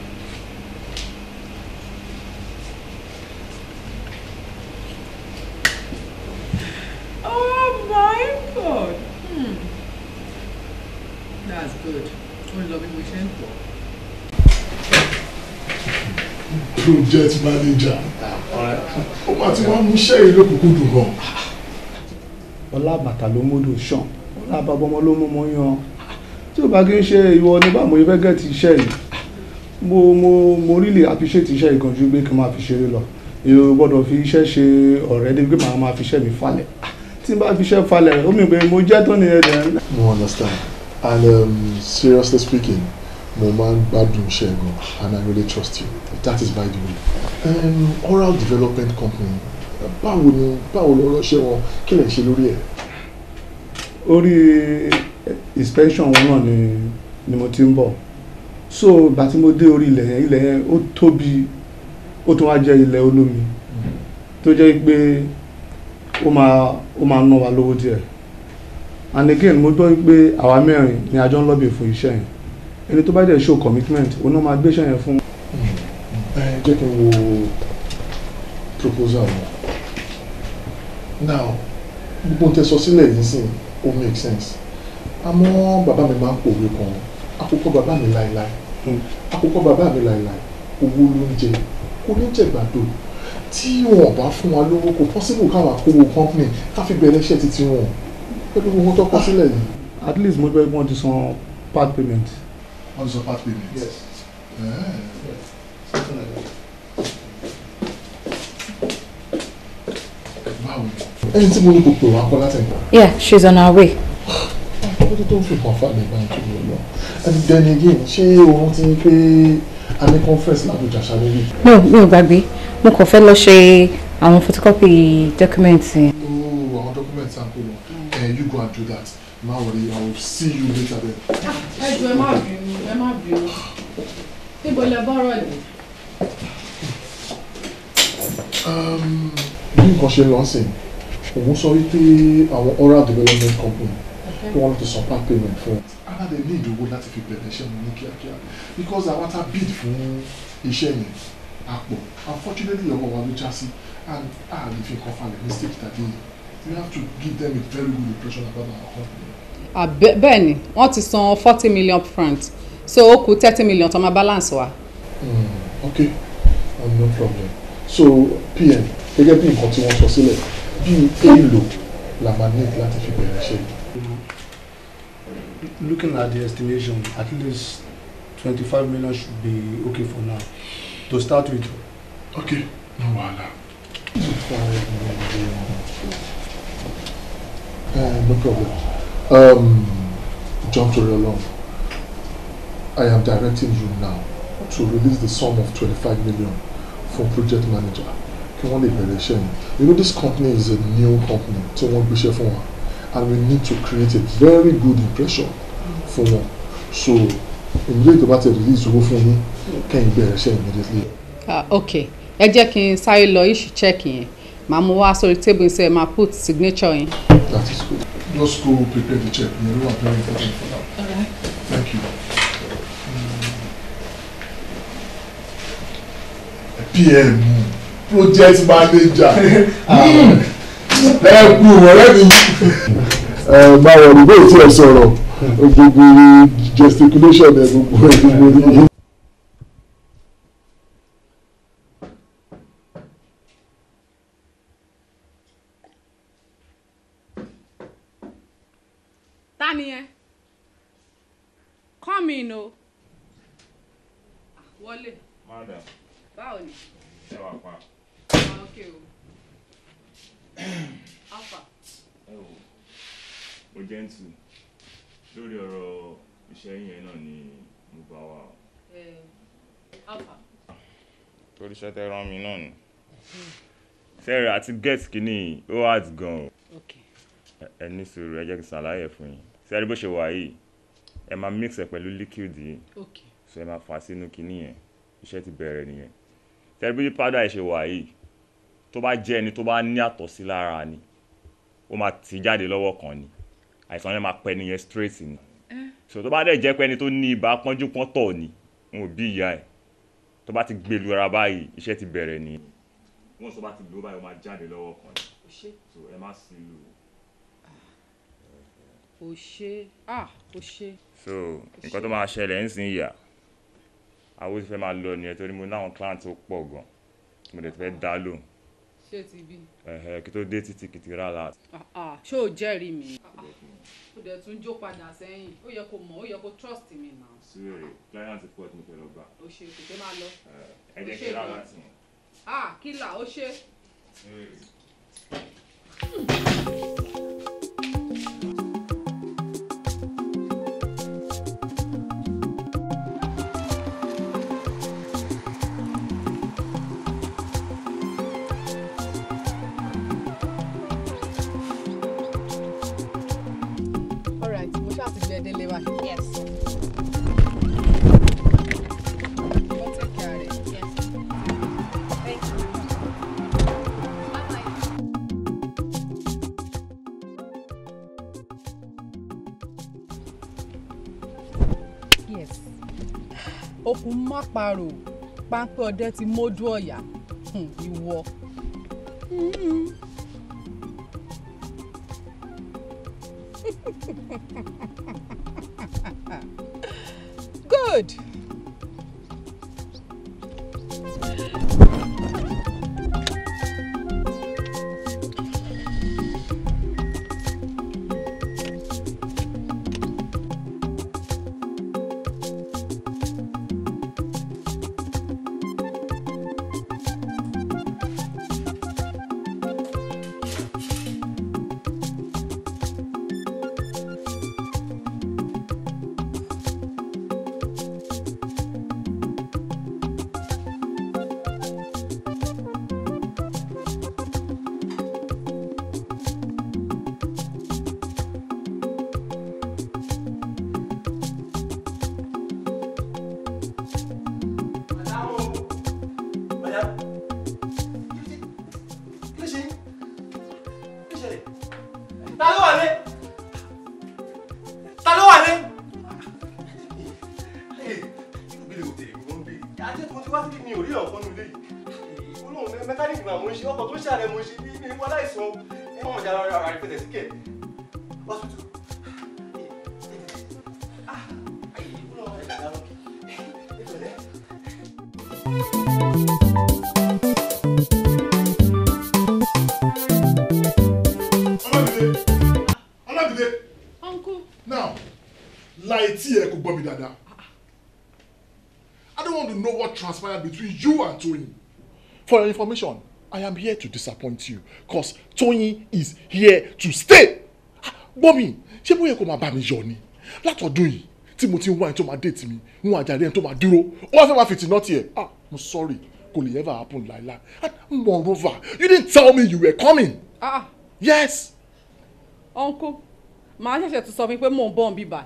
Good. Hmm. That's good. Only loving wishing for. project manager ó máa ti wá mú iṣẹ́ yìí lókùnkùn dùn gan. ọlá bàtà ló múlò ṣàn ọlá bàbọmọ ló mú mọ yan tí o bá kí n ṣe ìwọ ní báwo ìfẹ́ gẹ̀ ti iṣẹ́ yìí mo mo mo really appreciate iṣẹ́ yìí kan ju pé kí n máa fi ṣeré lọ èrò gbọ́dọ̀ fi iṣẹ́ ṣe ọ̀rẹ́ débi pé màá máa fi iṣẹ́ mi falẹ̀ tí n bá fi ṣe falẹ̀ ó mi mo jẹ́ tó ní ẹ̀dẹ̀. mo understand and um, seriously speaking mo máa ń gbádùn iṣẹ́ gan and I really trust you that is by the way um, oral development company báwo ni báwo ló ránṣẹ́ wọn kí lè ṣe lórí ẹ̀. orí inspection wọn náà ni ni mo ti ń bọ̀ so ìgbà tí mo dé orí ilẹ̀ yẹn ilẹ̀ yẹn ó tóbi ó tún wá jẹ́ ilẹ̀ olómi hmm. tó jẹ́ pé ó máa ó máa ná wa lówó díẹ̀ and again mo gbọ́ pé àwa mẹ́rin ni a jọ ń lọ́bì fún iṣẹ́ yẹn ẹni tó bá dẹ̀ show commitment òun náà máa gbé iṣẹ́ yẹn fún. Hmm. ẹ jẹ́ kí n wo proposal wọn now gbogbo n tẹ sọ sílẹ̀ yìí sìn ó make sense àmọ́ bàbá mi máa ń pòwe kan àkókò bàbá mi láéláé hmm. àkókò bàbá mi láéláé owó ló ń jẹ kò ní jẹ̀gbàdo tí wọn bá fún wa lówó kò possible káwọn àkówó company ká fi bẹ̀rẹ̀ iṣẹ́ títí wọn pẹ̀lú gbogbo tó kọ sílẹ̀ yìí. at least mo bẹ́ẹ̀ wọ́n ti san part payment. wọ́n ti san part payment. yes. Yeah. ẹni tí mo ní kò pè wá kọ́ látẹ̀yìn. yeah she's on her way. ó ti tó ń fi kàn fà mí báyìí kí ẹni dẹni again ṣé òun ti pé a ní conference làbújá ṣáré yìí. mi ò mi ò gbàgbé mo kàn fẹ́ lọ ṣe àwọn photocopy documents. ooo àwọn documents à ń pè wọ́n eh, you go and do that má wọlé i will see you later then. Ah, ẹ jọ̀ọ́ ẹ má bínú ẹ má bínú níbo lẹ bọ́rọ̀ yìí. Um, bí nǹkan ṣe lọ sí òun sọ wípé àwọn oral development company wọ́n ti supply payment fún un ara lè ní ìdòwò láti fi bẹ̀rẹ̀ iṣẹ́ wọn ní kíákíá because àwọn ta bid fún iṣẹ́ yẹn àpọ̀ unfortunately ọmọ wa ló já sí and a lè fi nǹkan falẹ̀ mistake tàbí we have to give them a very good impression about our company. bẹ́ẹ̀ ni wọ́n ti san forty million upfront so ó kù thirty million tó máa balance wa. Mm, okay um, no problem so pm gẹ́gẹ́ bí nǹkan tí wọ́n sọ sílẹ̀ bíi èèlò la máa ní láti fi bẹ̀rẹ̀ ṣe yìí. looking at the estimation, at least 25 million should be okay for now. To start with. Okay, no Uh, no problem. Um, John Toriolong, I am directing you now to release the sum of 25 million from project manager. kí wọ́n lè bẹ̀rẹ̀ you know this company is a new company tí wọ́n gbéṣẹ́ fún wa and we need to create a very good impression fún wọn so immediately tó bá ti release owó fún yín kẹ́yìn bẹ̀rẹ̀ iṣẹ́ immediately. Ah, ok ẹ jẹ́ kí n sáré lọ issue check yẹn màá mú wá sórí table yìí sọ ẹ máa put signature yẹn. that is good just go prepare the check You ló wà very important for now right. thank you. PM project manager ah. ẹ kú ọ̀rẹ́ mi. báwo ni bóyá tí ẹ sọ̀rọ̀ gbogbo gesticulation ẹ̀ gbogbo ẹ̀ gbogbo ẹ̀. gentle lórí ọ̀rọ̀ iṣẹ́ yẹn náà ni mo bá wà. torí iṣẹ́ tẹ rán mi náà ni sẹ́rẹ̀ àti get kínní ó hard gan-an ẹ ní sùúrù ẹ jẹ́ kí n ṣàlàyé fún yín sẹ́rẹ̀ bó ṣe wà yìí ẹ máa mix ẹ̀ pẹ̀lú liquid yìí so ẹ máa fà sínú kínní yẹn iṣẹ́ ti bẹ̀rẹ̀ nìyẹn sẹ́rẹ̀ bí powder ẹ̀ ṣe wà yìí tó bá jẹ́ ẹni tó bá ní àtọ̀sí lára ni ó máa tì jáde lọ́wọ́ kan ni àìsàn yẹn máa pẹ́ nìyẹn straight ni so tó bá dẹ̀ jẹ́ pé ẹni tó ní ibà pọ́njú pọ́n tọ̀ ni n ò bí ìyá ẹ̀ tó bá ti gbé lu ara báyìí iṣẹ́ ti bẹ̀rẹ̀ nìyẹn. wọ́n sọ bá ti lò báyìí ó máa jáde lọ́wọ́ kan ni so ẹ má sí lù ú. o ṣe ah o ṣe. so nǹkan tó máa ṣẹlẹ̀ ń sìn yà àwọn oṣù fẹ́ máa lọ nìyẹn torí mo náwọn client tó pọ̀ gan mo dẹ̀ fẹ́ dá lóhùn ṣé ti bí. kí tó dé títí kìtì rárá. ṣé o jẹ́rìí mi. o dẹ̀ tún jó padà sẹ́yìn ó yẹ kó mọ̀ ó yẹ kó trust mi nà. síbẹ̀ eh, client port ní pẹ̀lú ọba. o ṣe kò tẹ́ máa lọ. ẹ jẹ́ kí rárá tì ah kí là ó ṣe. fún mápàrò páńpẹ́ ọdẹ ti mójú ọ̀yà ìwọ. Mm-hmm. For your information, I am here to disappoint you cause Tony is here to stay. Bọ́mi, ṣé bóyá kò máa bá mi yọ ni? Látọ̀dún yìí tí mo ti ń wá ẹni tó máa déètì mi, ń wá àjàre ẹni tó máa dúró, ó wá fẹ́ máa fìtì náà tiẹ̀. Ah, I'm sorry, kò lè ever happen láíláí. Ah, moreover, you didn't tell me you were coming. Ah. ah. Yes. Uncle, màá ṣẹ̀ṣẹ̀ tún sọ fún mi pé mò ń bọ̀ ń bíbà.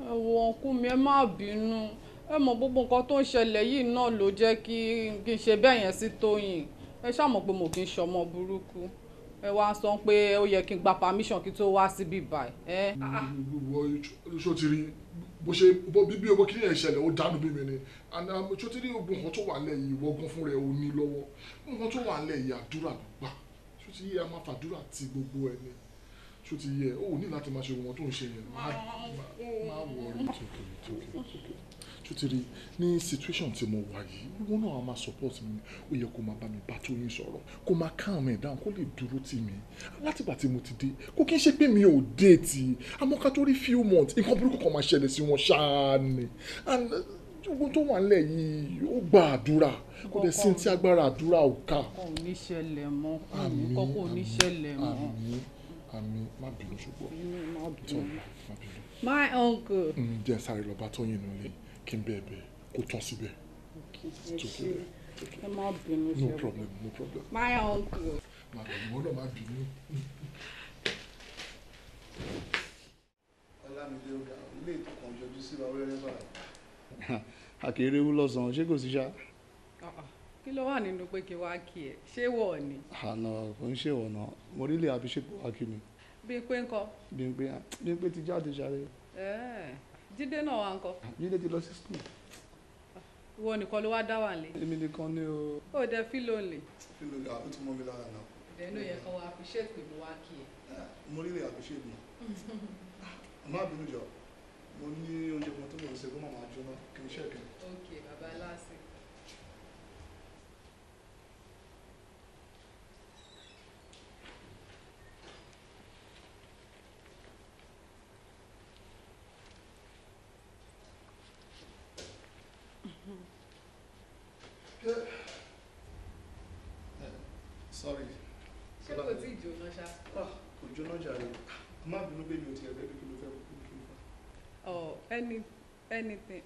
Ẹ̀wọ̀n ọkùnrin mi ẹ má bínú ẹ mọ̀ gbogbo nǹkan tó ń ṣẹlẹ̀ yìí náà ló jẹ́ kí kí n ṣe bẹ́ẹ̀ yẹn sí Tóyìn ẹ ṣàmọ̀ pé mo kì í ṣọmọ burúkú ẹ wá sọ pé ó yẹ kí n gba permission kí tó wá síbí báyìí. ṣó ti rí bó ṣe bíbí owó kí yẹn ṣẹlẹ̀ ó dánú bí mi ni um, ṣó ti rí ogun kan tó wà lẹ̀ yìí wọ́gán fún rẹ̀ ó ní lọ́wọ́ nǹkan tó wà lẹ̀ àdúrà ló gbà ṣó yẹ a máa fàdúrà ti gbogbo ẹni ṣó ti yẹ ó ní láti máa ṣe ohun tó ń ṣe yẹn má wọrí ṣùtìrì ní situation tí mo wà yìí ìwọ náà máa support mi ó yẹ kó máa bá mi bá Tóyìn sọ̀rọ̀ kó máa calm me down kó lè dúró tì mí látìgbà tí mo ti dé kó kí n ṣe pé mi ò déètì àmọ́ ká tó rí few months nǹkan burúkú kan máa ṣẹlẹ̀ sí wọn ṣáá ni and eh, ogun tó wà nílẹ̀ yìí ó gba àdúrà kò dẹ̀ sí ti agbára àdúrà ò ká. kò ní ṣẹlẹ̀ mọ́ kò kò ní ṣẹlẹ̀ mọ́. àmín àmín má bínú ṣùgbọ́n my uncle. ǹjẹ́ mm, sáré lọ bá Tóyìn nílé kí n bẹ́ẹ̀ bẹ́ẹ̀ kó tán síbẹ̀. ẹ má bínú sọ no problem no problem. my uncle. màdà ìwọ náà má bínú. ọlámídé ọgá ilé ìtọkàn yọjú sí wa wẹ́rẹ́ báyìí. àkèrè ewu lọ́sàn-án ṣé kò sí ṣá. Ah, ah, kí ló wà nínú pé kí wàá kí ẹ ṣé wọ ni. àná ah, kò ń ṣèwọ náà mo rí ilé àbíṣepọ̀ wá kí mi. bí pé ń kọ. bí pé bí pé ti jáde ṣáré. ẹ̀ẹ́. Eh jíde náà wà ńkọ́. jíde ti lọ sí school. ìwọ nìkan ló wá dá wà lé. èmi nìkan ni o. ó dẹ fílò lè. fílò lè àbí tí mo mi lára náà. ẹnu yẹn kan wá appreciate pé mo wá kí ẹ. Ah, mo rí lè appreciate ah, mi. àmọ́ àbínú jọ mo ní oúnjẹ kan tó mò ń ṣe màmá jóná kì í ṣẹ̀kẹ́. ok bàbá aláṣẹ. any anything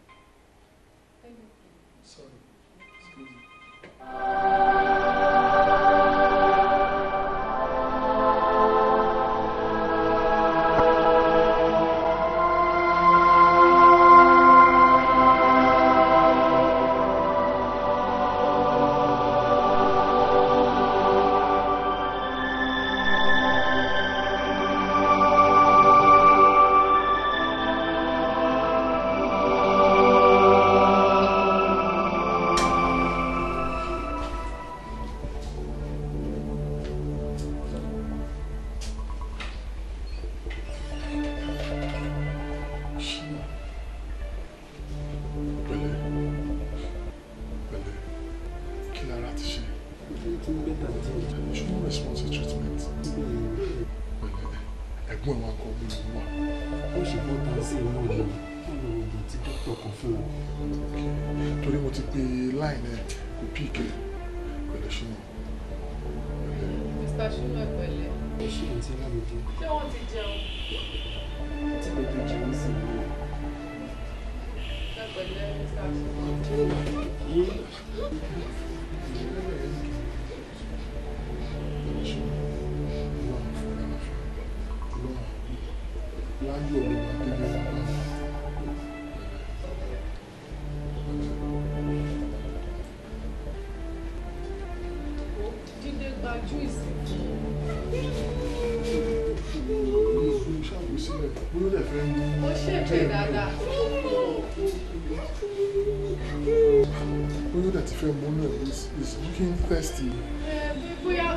test eh, bóyá.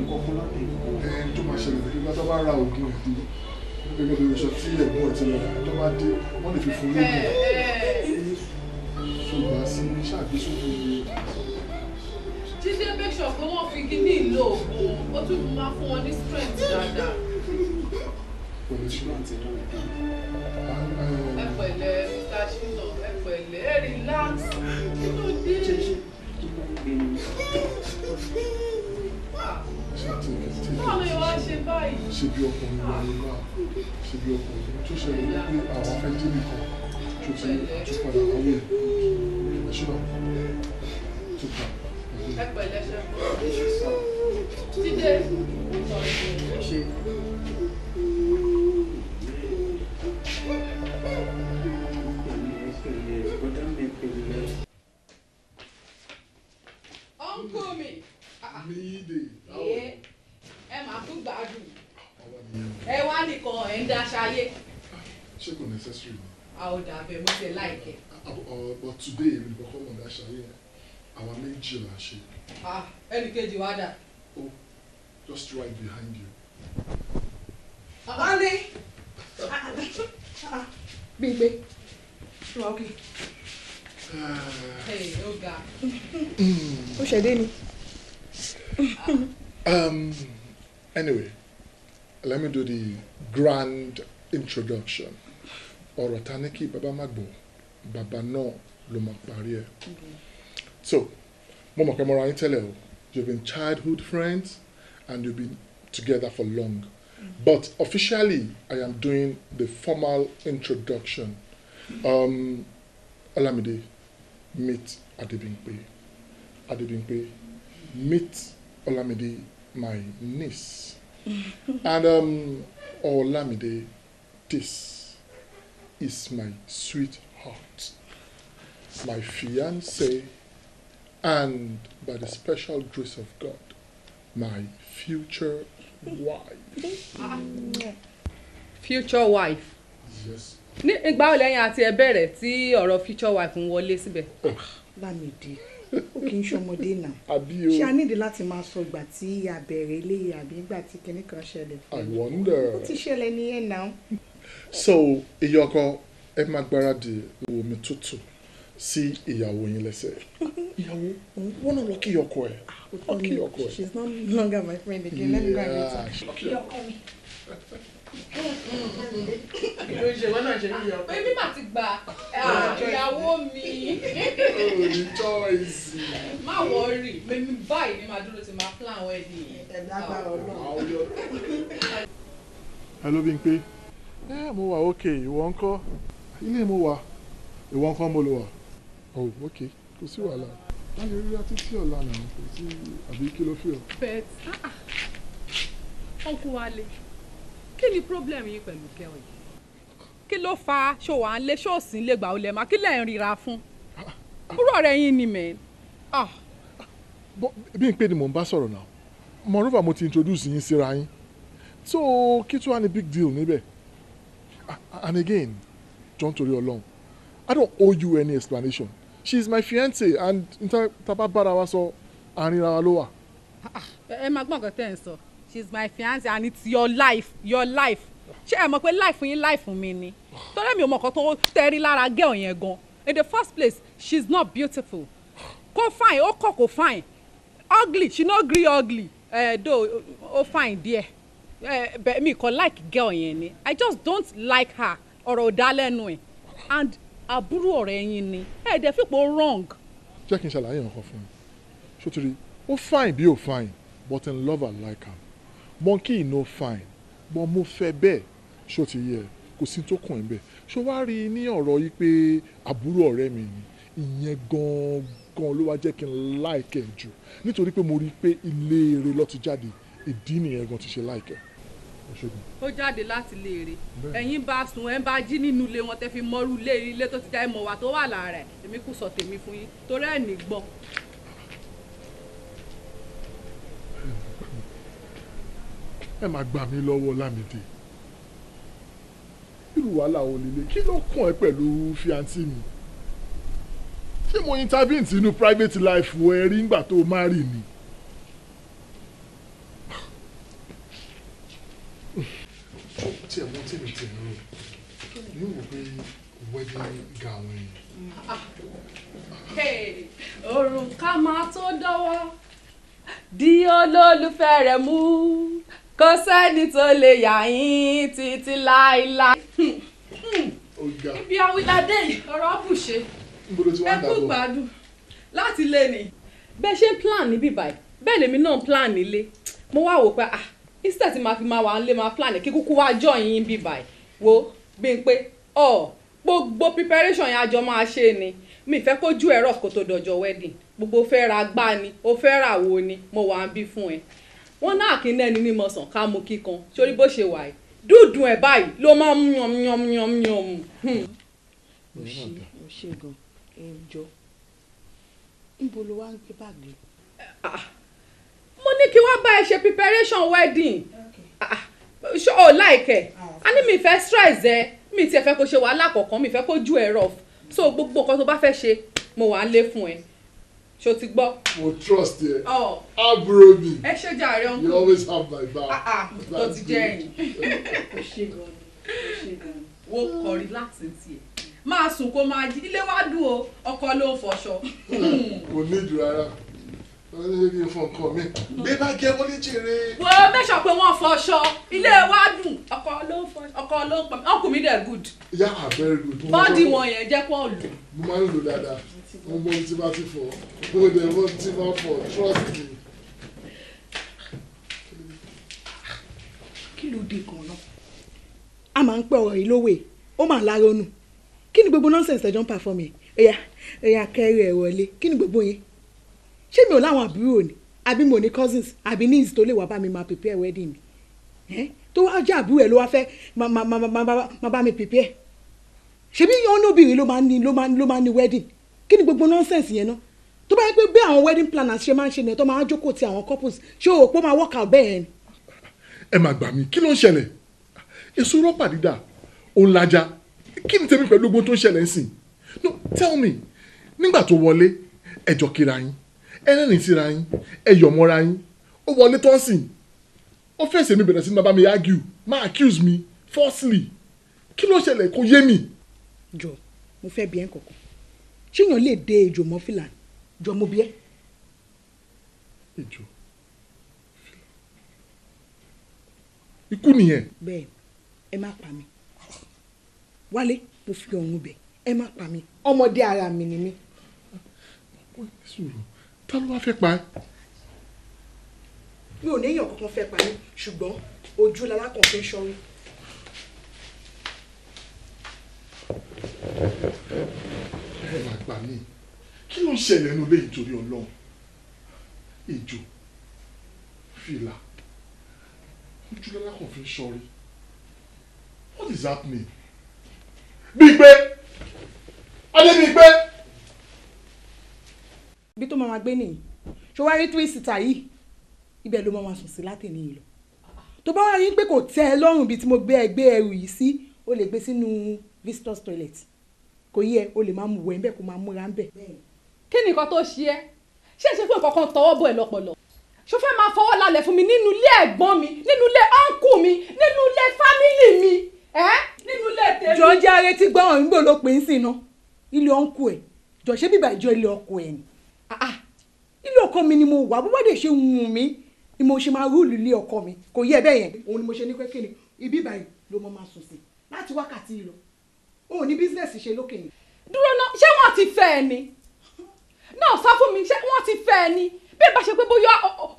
gbogbo eh, tó máa ṣẹlẹ̀ nígbà tó bá ra oògùn ìdí gẹ́gẹ́ bí oṣù tí ẹ̀gbọ́n ẹ̀ ti lọ tó bá dé wọ́n lè fi fún un ṣe bí ọkùnrin wa ni máa ṣe bí ọkùnrin tó ṣẹlẹ̀ ní pé àwọn fẹ́ dé nìkan tó ti tún padà wáyé ẹ̀ṣọ́ tó kà. ẹ pẹ̀lẹ́ ṣe. jíde. mo but today we become kọ́ mọ̀dá ṣayé Our àwa méjì là ń ṣe. ẹnì kejì wá oh just right behind you. ọ̀lẹ́ gbígbé rọ́ọ̀kì. ó ṣẹ̀dé ni. Um, anyway let me do the grand introduction ọ̀rọ̀ ta ní kí bàbá má gbọ́ bàbá náà ló máa parí ẹ̀. so mo mọ̀ pé mo ra yín tẹ́lẹ̀ o you've been childhood friends and you've been together for long mm -hmm. but officially I am doing the formal introduction um, Olamide meet Adebimpe Adebimpe meet Olamide my niece and um, Olamide this is my sweetheart, my fiancée, and by the special grace of God, my future wife. future wife. yes. ní ìgbà wo lẹ́yìn àti ẹ bẹ̀rẹ̀ tí ọ̀rọ̀ future wife ń wọlé síbẹ̀. lámìdí oh. ó kì í ṣọmọdé náà ṣé a nídìí láti máa sọ ìgbà tí a bẹ̀rẹ̀ eléyìí àbí ìgbà tí kinní kan ṣẹlẹ̀ I wonder. ó ti ṣẹlẹ̀ nìyẹn náà so iye ọkọ ẹ máa gbáradì omi tútù sí ìyàwó yín lẹ́sẹ̀ ìyàwó wọn náà lọ kí ọkọ ẹ lọ kí ọkọ ẹ. She's not longer my friend again let me go and meet her. lọ kí ọkọ mi. ìlú ìṣèwé náà ṣe níyà ọkọ. èmi mà ti gba ah, ìyàwó mi. òní tọ́ìsì. má wọrí mímí báyìí ni màá dúró ti máa plan wedding yẹn. ẹ̀dá gbára ah. ọlọ́run. hello Bímpé ẹ eh, mo wà okay ìwọ ńkọ́ ilé mo wà ìwọ ńkọ́ mo lò wà ọ oh, okay kò sí wàhálà a lè rí àti tí ọ̀la nà kò sí àbí kí ló fi ọ. bet uncle Wale kí ni problem yín pẹ̀lú kẹ́ọ̀ yìí kí ló fa ṣòwò à ń lé ṣọ́ọ̀sì ń lè gbà ó lẹ̀ má kí lẹ̀ ń ríra fún kúrò rẹ̀ yín ni mẹ́. Ah. bí n pè ni mò ń bá sọ̀rọ̀ náà moreover mo ti introduce yín síra yín so kí tó wá ní big deal níbẹ̀ and again john torí Ọlọ́run i don't owe you any explanation she is my fiance and ntaba bára wa sọ àárín ara ló wà. Ah, ah, ẹ máa gbọ́n nǹkan tẹ́ ẹ̀ ń sọ she is my fiance and it's your life your life ṣé ẹ mọ̀ pé life yín life mi ni torí mi ò mọ̀ nǹkan tó tẹ́rí lára girl yẹn gan in the first place she is not beautiful kò fine ó kọ̀ kò fine ugly she no gree ugly uh, though ó fine díẹ̀ uh, eh, mi kò like girl yẹn ni i just don't like her ọ̀rọ̀ ò dá lẹ́nu and àbúrò ọ̀rẹ́ yín ni ẹ̀ eh, dẹ̀ fipò wrong. jẹ́ kí n ṣàlàyé nǹkan fún yín sotiri ó fine bí ó fine but in love and like am monkey no fine but mo fẹ́ bẹ́ẹ̀ ṣó ti yẹ kò sí tó kàn ẹ́ bẹ́ẹ̀ ṣó wá rí i ní ọ̀rọ̀ yìí pé àbúrò ọ̀rẹ́ mi ni ìyẹn gan-an ló wá jẹ́ kí n like ẹ̀ jù nítorí pé mo rí i pé ilé eré ló ti jáde ìdí nìyẹn gan ti ṣe like ẹ̀ tó jáde láti ilé rẹ̀ ẹ̀yin bá sùn ẹ̀ ń bá jí nínú ilé wọn tẹ́ fi mọ́rú ilé ilé tó ti já ẹmọ wà tó wà lára ẹ̀ èmi kù sọ tèmi fún yín torí ẹ̀ ní gbọ́. ẹ máa gbà mí lọ́wọ́ lámìdí irú wàhálà ò lélẹ̀ kí ló kàn ẹ́ pẹ̀lú fiantí mi ṣé mo intervene sínú private life wọ ẹ rí ńgbà tó o má rì ni. tí ẹ̀ mọ́ tèmi tèmi rò ní wò pé wedding gown ni. òrùka máa tó dọ́wọ́ di olólùfẹ́ rẹ̀ mú kò sẹ́ni tó lè yà yín títí láéláé. ibi awilade ọ̀rọ̀ bùṣe ẹ kú gbádùn láti lè ní. bẹ́ẹ̀ ṣe ń plan níbí báyìí bẹ́ẹ̀ lèmi náà plan nílé mo wá wò pé ah instead ti máa fi máa wà ń lé máa plan kí kúkú wá jọ yín bí báyìí wo bí n pé ọ oh, gbogbo preparation yẹn àjọ máa ṣe ni mi fẹ́ kójú ẹ̀rọ kó tó dọjọ́ wedding gbogbo fẹ́ ra gbá ni o fẹ́ ra wo ni mo wà ń bí fún ẹ wọn náà kí nẹ́ni ní mọ̀sán ká mú kíkan sórí bó ṣe wà yìí dúdú ẹ̀ báyìí ló máa ń yan yan yan yan mu. mo ṣe mo ṣe gan ẹ jọ níbo ló wá ń gbé báàgì. Ah, mo ní kí wọ́n bá ẹ ṣe preparation wedding ah, ah, ṣé o like ẹ ah, a ní mi fẹ́ stress ẹ mi tiẹ̀ fẹ́ kó ṣe wàhálà kọ̀ọ̀kan mi fẹ́ kó ju ẹ rough so gbogbo nǹkan tó bá fẹ́ ṣe mo wà á lé fún ẹ ṣó ti gbọ́. mo trust yẹ aburo mi ẹ oh. ṣe jàre ọkùnrin you always have my back. Ah ah. That's good. ṣe gan-an wo kọrí láti tiẹ̀ máa sùn kó máa jí ilé wá dùn o ọkọ ló ń fọṣọ. kò ní ìdúrà rárá ẹbí fún nǹkan mi bí bá jẹ wọlé jèrè. wo mẹ́sàn pé wọ́n fọṣọ ilé wa dùn ọkọ ló ń fọṣọ ọkọ ló ń pamọ́ ọkùnrin dẹ̀ good. ìyá àbẹ̀rẹ̀ good. bọ́ọ̀dì wọn yẹn jẹ́ pọ̀ lù. mo máa ń lò dáadáa mo mọ ohun tí bá ti fọ mo dẹ̀ mọ ohun tí bá fọ trust me. kí ló dé gan náà a máa ń pẹ́ ọ̀rọ̀ yìí lówe ó máa láronú kí ni gbogbo nọ́ọ̀sẹ̀ ìṣẹ̀jọ́ ń pàfọ́ọ̀mù yẹn ẹ̀yà ẹ̀yà kẹrì ẹ̀ wọlé kí ni gbogbo yẹn ṣé mi ò láwọn àbúrò ni àbí mo ní cousins àbí niece tó lè wá bá mi máa prepare wedding mi tó wá jẹ́ àbúrò ẹ̀ ló wá fẹ́ máa bá mi prepare ṣebí ọ̀nàbìnrin ló máa ń ní ló máa ń ló máa ń ní wedding kí ni gbogbo nonsense yẹn náà tó bá yẹ pé bí àwọn wedding planners ṣe máa ń ṣe nìyẹn tó máa ń jókòó ti àwọn couples ṣé o pé máa work out bẹ́ẹ̀ ni. ẹ máa gbà mí kí ló ń ṣẹlẹ̀ èso rọ́pà dídà òun lajà kí ni tèmi pẹ̀lú ogun tó ń ṣẹlẹ̀ ń sìn no tell me nígbà tó wọlé ẹjọ́ kíra yín ẹ rẹ́rìn síra yín ẹ yọ̀ mọ́ra yín ó wọlé tọ́sìn ó fẹsẹ̀ mi bẹ̀rẹ̀ sí máa bá mi argue máa accuse me falsely kí ló ṣẹlẹ̀ kó yé mi. jọ mo fẹ́ bí ẹ kọ̀ọ̀kan ṣéèyàn lè dé ejò mọ́ fìlà jọ mo bí ẹ. ejò ikú nìyẹn. bẹ́ẹ̀ ẹ má pa mi wálé mo fi ọ̀run bẹ̀ ẹ má pa mi ọmọdé ara mi ni mi ta ló wá fẹ́ pa ẹ́. mi ò níyàn kankan fẹ́ pa mí ṣùgbọ́n ojú lalákàn fi ń ṣọrí. ẹ máa gbà mí kí ló ń ṣẹlẹ̀ ẹnu léyìí torí ọlọ́run ìjò fìlà ojú lalákàn fi ń ṣọrí what is happening. bíi pé adé bíi pé bí tó máa gbé nìyí ṣó wá rí twisita yìí ibẹ̀ ló máa sùn sí látẹ̀lé yìí lọ tó bá wà yín pé kò tẹ́ ẹ lọ́rùn bíi tí mo gbé ẹ gbé ẹrù yìí sí o lè gbé sínú visitors toilet kò yẹ o lè máa mú wẹ̀ ńbẹ̀ kó máa múra ńbẹ̀. kí ni nǹkan tó ṣe ẹ́ ṣé ìṣe pé kankan tọwọ́ bọ̀ ẹ́ lọ́pọlọ ṣó fẹ́ máa fọwọ́ lálẹ̀ fún mi nínú ilé ẹ̀gbọ́n mi nínú ilé ọ́nkù mi nínú ilé fámìlì mi ẹ́ nínú ilé tèmi. jọ̀ọ́ jẹ́ arẹ́tí gbọ́ràn nígbò ló pè é sí iná ilé ọ́nkù ẹ̀ jọ̀ọ́ ṣé bíbá ìjọ ilé ọkọ ẹ̀ ni ilé ọkọ mi ni mo wà bó bá dẹ̀ ṣe wù mí ni mo ṣe máa rúùlù ilé ọkọ mi kò yẹ bẹ́ẹ̀ yẹn òun ni mo ṣe ní kékeré ibi ìbàyìí ló mọ máa sùn sí láti wákàtí ìlọ òun ní bísíǹsì ṣe lókè yẹn. dúró náà ṣé wọ́n ti fẹ́ ẹ ni náà sọ fún mi ṣé wọ́n ti fẹ́ ẹ ni bí ìbá ṣe pé bóyá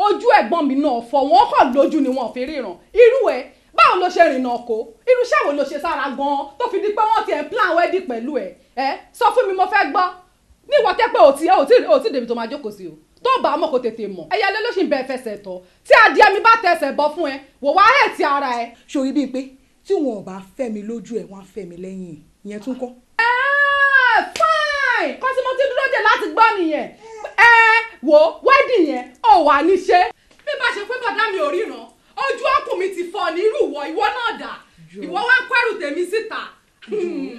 ojú ẹ̀gbọ́n mi náà fọ́ wọn kàn lójú ni wọn fi ríran irú ẹ báwo ló ṣe rìnnà kó irúṣẹ́ wo ló ṣe sára gan tó fi di pé wọ́n ti ẹ̀ plan wẹ́dì pẹ̀lú ẹ ẹ sọ fún mi mo fẹ́ gbọ́ ní ìwọ tẹ́ pé òtí òtí òtí dèbí tó máa jókòó sí o tó bá mọ̀ kó tètè mọ̀ ẹ̀yà lé ló ṣì fẹsẹ̀ tọ̀ tí adìẹ mi bá tẹsẹ̀ bọ́ fún ẹ wò wá ẹ̀ ti ara ẹ. sori bíi pé tí wọn ò bá fẹ́ mi lójú ẹ̀ wọ́n á fẹ́ mi lẹ́yìn ìyẹn tún kọ́. ẹ fine kọ́ tí mo ti dúró dè láti gbọ́ nìyẹn ẹ wo wedding yẹn ò wà ní bí bá ṣe pé bàdá mi ò ríran ojú ọkùn mi ti fọ ní irú ìwọ ìwọ náà dà ìwọ wá kẹrù tèmi síta.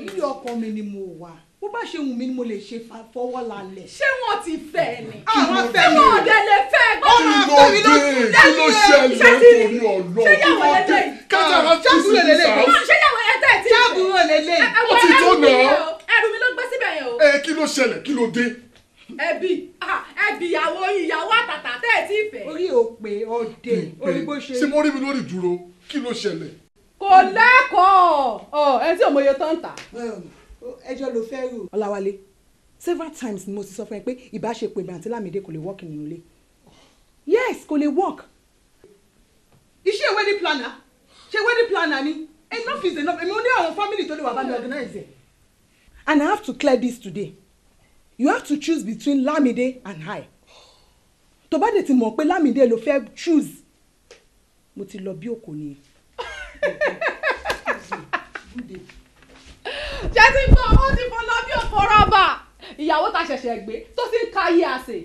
ìjọ ọkọ mi ni mo wà bó bá ṣe wù mí ni mo lè ṣe fọwọ́ lálẹ́. ṣé wọn ti fẹ́ ẹ ni. àwọn ah, fẹ́ mi wọn dẹ fẹ́ ẹ ọ̀rọ̀ àfẹ́ ló ti lẹ́yìn kí ló ṣẹlẹ̀ torí ọ̀lọ́ kí ló dé káàkiri ah, jágúrò lélẹ̀ ah, ṣéyàwó ẹ̀tẹ̀ tí jágúrò lélẹ̀. Eh, eh, ó ti tó nà ẹrù mi ló gbé síbẹ̀ yẹn o. ẹ eh, kí ló ṣẹlẹ̀ kí ló dé. ẹbí ẹbí ìyàwó ìyàwó àtàtà tẹ́ ẹ ti fẹ́. orí ò ọdẹ orí bó ṣe. kò lẹ́kọ̀ọ́ ẹ tí òmòye tó ń tà ẹjọ́ ló fẹ́ rò. ọ̀làwálé several times ni mo ti sọ fún ẹ pé ìbáṣepọ̀ ìbàntí lámìdé kò lè work nínú ilé yes kò lè work. iṣẹ́ wedding planner ṣe wedding planner ni enough is enough èmi ò ní àwọn family tó lè wà bá mi organize ẹ̀. and i have to clear this today you have to choose between Lamide and I tó bá dé ti mọ̀ pé Lamide ló fẹ́ choose mo ti lọ bí òkò nìyẹn. ṣé ti gbọ́ ó ti fọ́ lọ bí òfò rọ́bà ìyàwó ta ṣẹ̀ṣẹ̀ gbé tó ti ń ka ayé àsè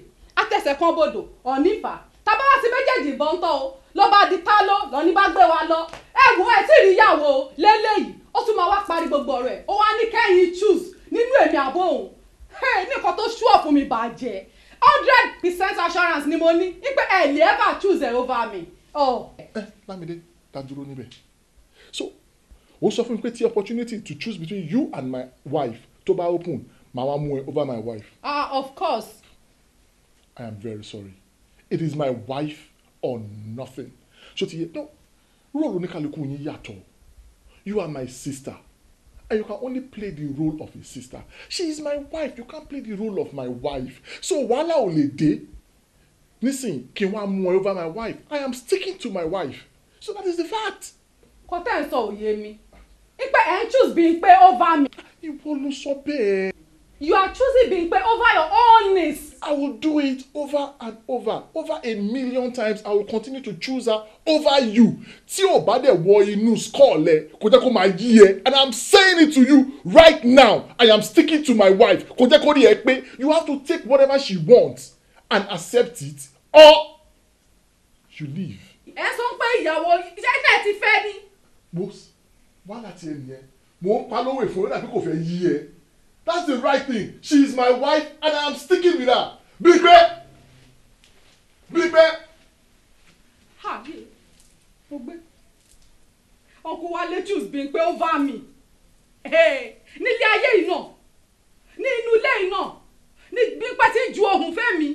àtẹ̀sẹ̀ kan bodò ọ̀nífà tábà wá sí méjèèjì bọ́ ń tọ́ o ló di ká ló lọ́ní bá gbé wa lọ ẹ̀wọ̀n ẹ̀ tí ì rí ìyàwó lélẹ́yìí ó tún máa wá parí gbogbo ọ̀rọ̀ ẹ̀ ó wá ní kẹ́yìn choose nínú èmi àbọ̀ òun nìkan tó ṣú ọ̀fun mi bàjẹ́ hundred percent assurance ni mo ní wípé ẹ̀ lè ever choose ẹ̀ over me. Ẹ oh. eh, Lámídé dá dúró níbẹ̀ so ó sọ fún mi pé tí opportunity to choose between you and my wife tó bá open màá wá mú ẹ over my wife. ah uh, of course. I am very sorry it is my wife or nothing ṣó ti yẹ no role oníkàlùkù yín yàtọ̀ you are my sister and you can only play the role of a sister she is my wife you can't play the role of my wife so wàhálà ò lè dé nísìnyí kí n wá mú ẹ over my wife I am sticking to my wife so that is the fact. kọ́tà ẹ̀ sọ òye mi ipe ẹ̀ ń choose Bímpé over me. ìwọ ló sọ bẹ́ẹ̀. you are choosing Bímpé over your own niece. I will do it over and over over a million times I will continue to choose her over you tí o bá dẹ̀ wọ inú skull ẹ kò jẹ́ kó máa yí ẹ and I am saying it to you right now I am sticking to my wife kò jẹ́ kó rí ẹ pé you have to take whatever she wants and accept it or you leave. ẹ sọ pé ìyàwó iṣẹ́ tẹ̀ ti fẹ́ ni. bó wàhálà ti ẹ̀ nìyẹn mò ń pa lówó ìfún nígbà tí kò fẹ́ yí ẹ that's the right thing she is my wife and I am sticking with her Bímpé Bímpé. àbí mo gbé ọkọ wa lettuce Bímpé over me nílé ayé yìí náà ní inú ilé yìí náà ní Bímpé ti ju ohun fẹ́ mi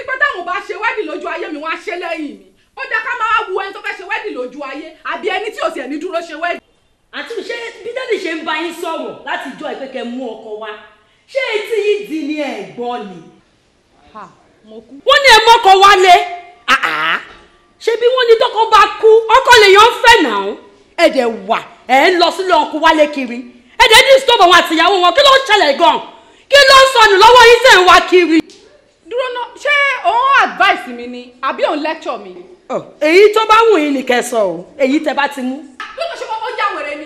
ipa táwọn bá ṣe wẹ́ẹ̀dì lójú ayé mi wọ́n á ṣe lẹ́yìn mi ó dá ká máa wo ẹni tó fẹ́ ṣe wẹ́ẹ̀dì lójú ayé àbí ẹni tí ò tiẹ̀ ní dúró ṣe wẹ́ẹ̀dì àti ṣé bí dáàdì ṣe ń bá yín sọ̀rọ̀ láti jọ ìpè kẹ́ mú ọkọ wa ṣé etí yìí di ni ẹ̀gbọ́n ni. wọ́n ní ẹ mọ́kọ wálé ṣé bí wọ́n ní tọ́kọ bá kú ọkọ lèèyàn fẹ́ náà ẹ dẹ̀ wà ẹ ń lọ sílé ọkọ wálé kiri ẹ dẹ̀ disturb àwọn àtìyàwó wọn kí ló ń ṣẹlẹ̀ gan-an kí ló ń sọnù lọ́wọ́ yín sẹ́ ń wá kiri. dúró ná ṣé òun advice mi ni àbí òun lecture mi. èyí tó bá wù yín ni kẹ́ sọ o èyí tẹ́ bá ti mú. bí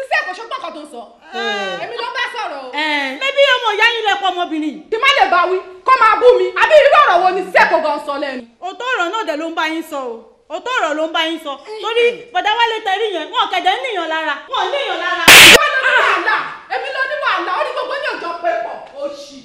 sísẹ kò ṣọgbọ́n kan tó ń sọ eh. èmi ló bá sọ̀rọ̀ o. Eh. mẹbí ọmọ ìyá yín lẹpọ ọmọbìnrin. kí má lè bá wí kó máa bú mi àbí irú ọ̀rọ̀ wo ni sísẹ kò gan sọ lẹ́nu. òótọ́ ọ̀rọ̀ náà dẹ̀ ló ń bá yín sọ o òótọ́ ọ̀rọ̀ ló ń bá yín sọ eh. torí bọ̀dá wálé tẹ̀rí yẹn wọn kẹ̀dẹ̀ níyàn lára wọn níyàn lára. ìwọ ní wàhálà èmi ló ní wàhálà ó ní gbogbo ní òjò pé pọ̀ òṣì.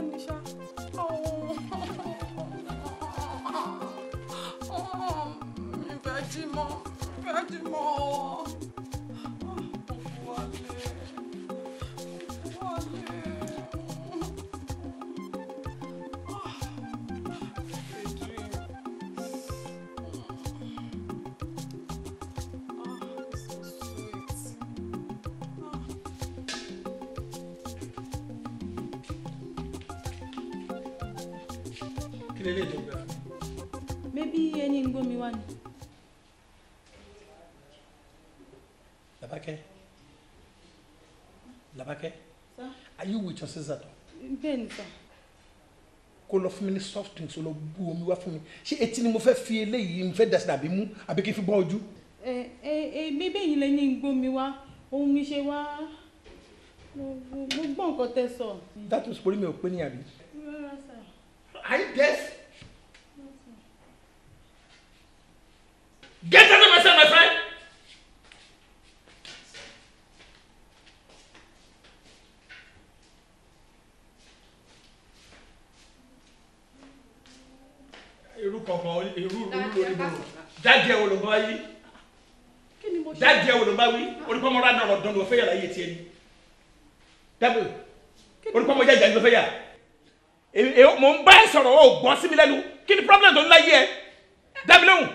Oh, oh, oh! ṣá. ìbẹ́jì mọ́ ìbẹ́jì mọ́. lélẹ̀ tó gbà. bébí ẹni ń gbómi wá ni. labakẹ́ Sir, are you with your sister tán. bẹ́ẹ̀ ni sà. kó lọ fún mi ní soft drinks ó bu omi wá fún mi ṣé etí ni mo fe fi eléyìí mo fẹ́ dà sí àbí mú àbí kí n fi bọ́ ojú. ẹ ẹ ẹ bébí yìí lẹ́ni ń gbómi ohun mi ṣe wá gbogbo nǹkan tẹ sọ. dátùsí orí mi ò pé ní àbí. dájẹ́ wo ló bá wí dájẹ́ wo ló bá wí olùkọ́mọ rà náà dán ló fẹ́ yà láyé tiẹ̀ ni dábò olùkọ́mọ jẹ́ ìjàdí ló fẹ́ yà mò ń bá ẹ sọ̀rọ̀ o gbọ́ sí mi lẹ́nu kí ni problem tó ń láyé ẹ dábì lóhùn.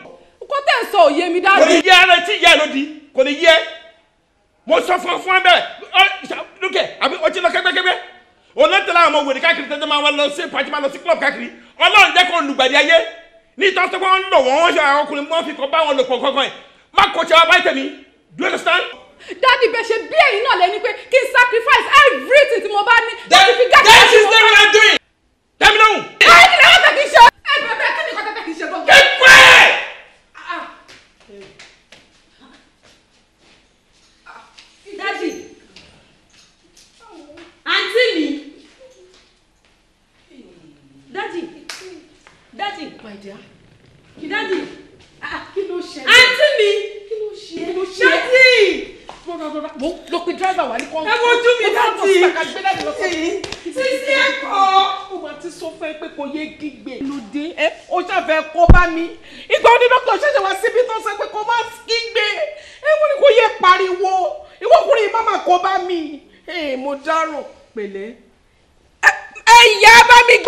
kó tẹ̀ sọ òye mi dájú. kò ní yẹ ara tí ìyá ẹ ló di kò ní yẹ mo sọ fún ọ fún ẹ bẹ́ẹ̀ lókè àbí o ti lọ kẹ́gbẹ́kẹ́gbẹ́ olóòtú làwọn ọmọ wèrè káàkiri tẹ́tẹ́ máa wá lọ sí pàtí máa lọ sí club káàkiri ọlọ́run jẹ́ kó lùgbàdì ayé ní ìtọ́ sọ pé wọ́n ń lọ wọ́n wọ́n ṣe àwọn ọkùnrin mọ́ fi bá wọn lò pọ̀ kankan yẹn má kọ́ ṣe wá tẹ̀mí do you understand. dádì bẹ́ẹ̀ ṣe bí ẹ̀yin náà lẹ́ni pé kí n sacrifice everything tí mo bá ní láti that is not what i'm doing. tẹ́mi lóhùn. báyìí ni wọ́n tẹ̀ ṣe. ẹ bẹ̀rẹ̀ kí ni kò tẹ̀ ṣe gbọ́dọ̀. Daddy. My dear. Kì Daddy. Ah, ah, kí ló ṣe? Àǹtí mi. Kí ló ṣe? Kí ló ṣe? Daddy. Mo lọ pe driver wà ní kọ́ńtù. Ẹ wojú mi Daddy. Sísí ẹ̀kọ́. Ó máa ti sọ fún ẹ pé kò yé gígbe. Lóde ẹ ó ṣàfẹ́ kó bá mi. Ìgbà òní dókítà ṣẹ̀ṣẹ̀ wá síbi tó sọ pé kò má gígbe. Ẹ wọ́n ní kò yẹ pariwo. Ìwọ́kùnrin má máa kó bá mi. Mo dárò pẹ̀lẹ́. Ẹ̀yà bá mi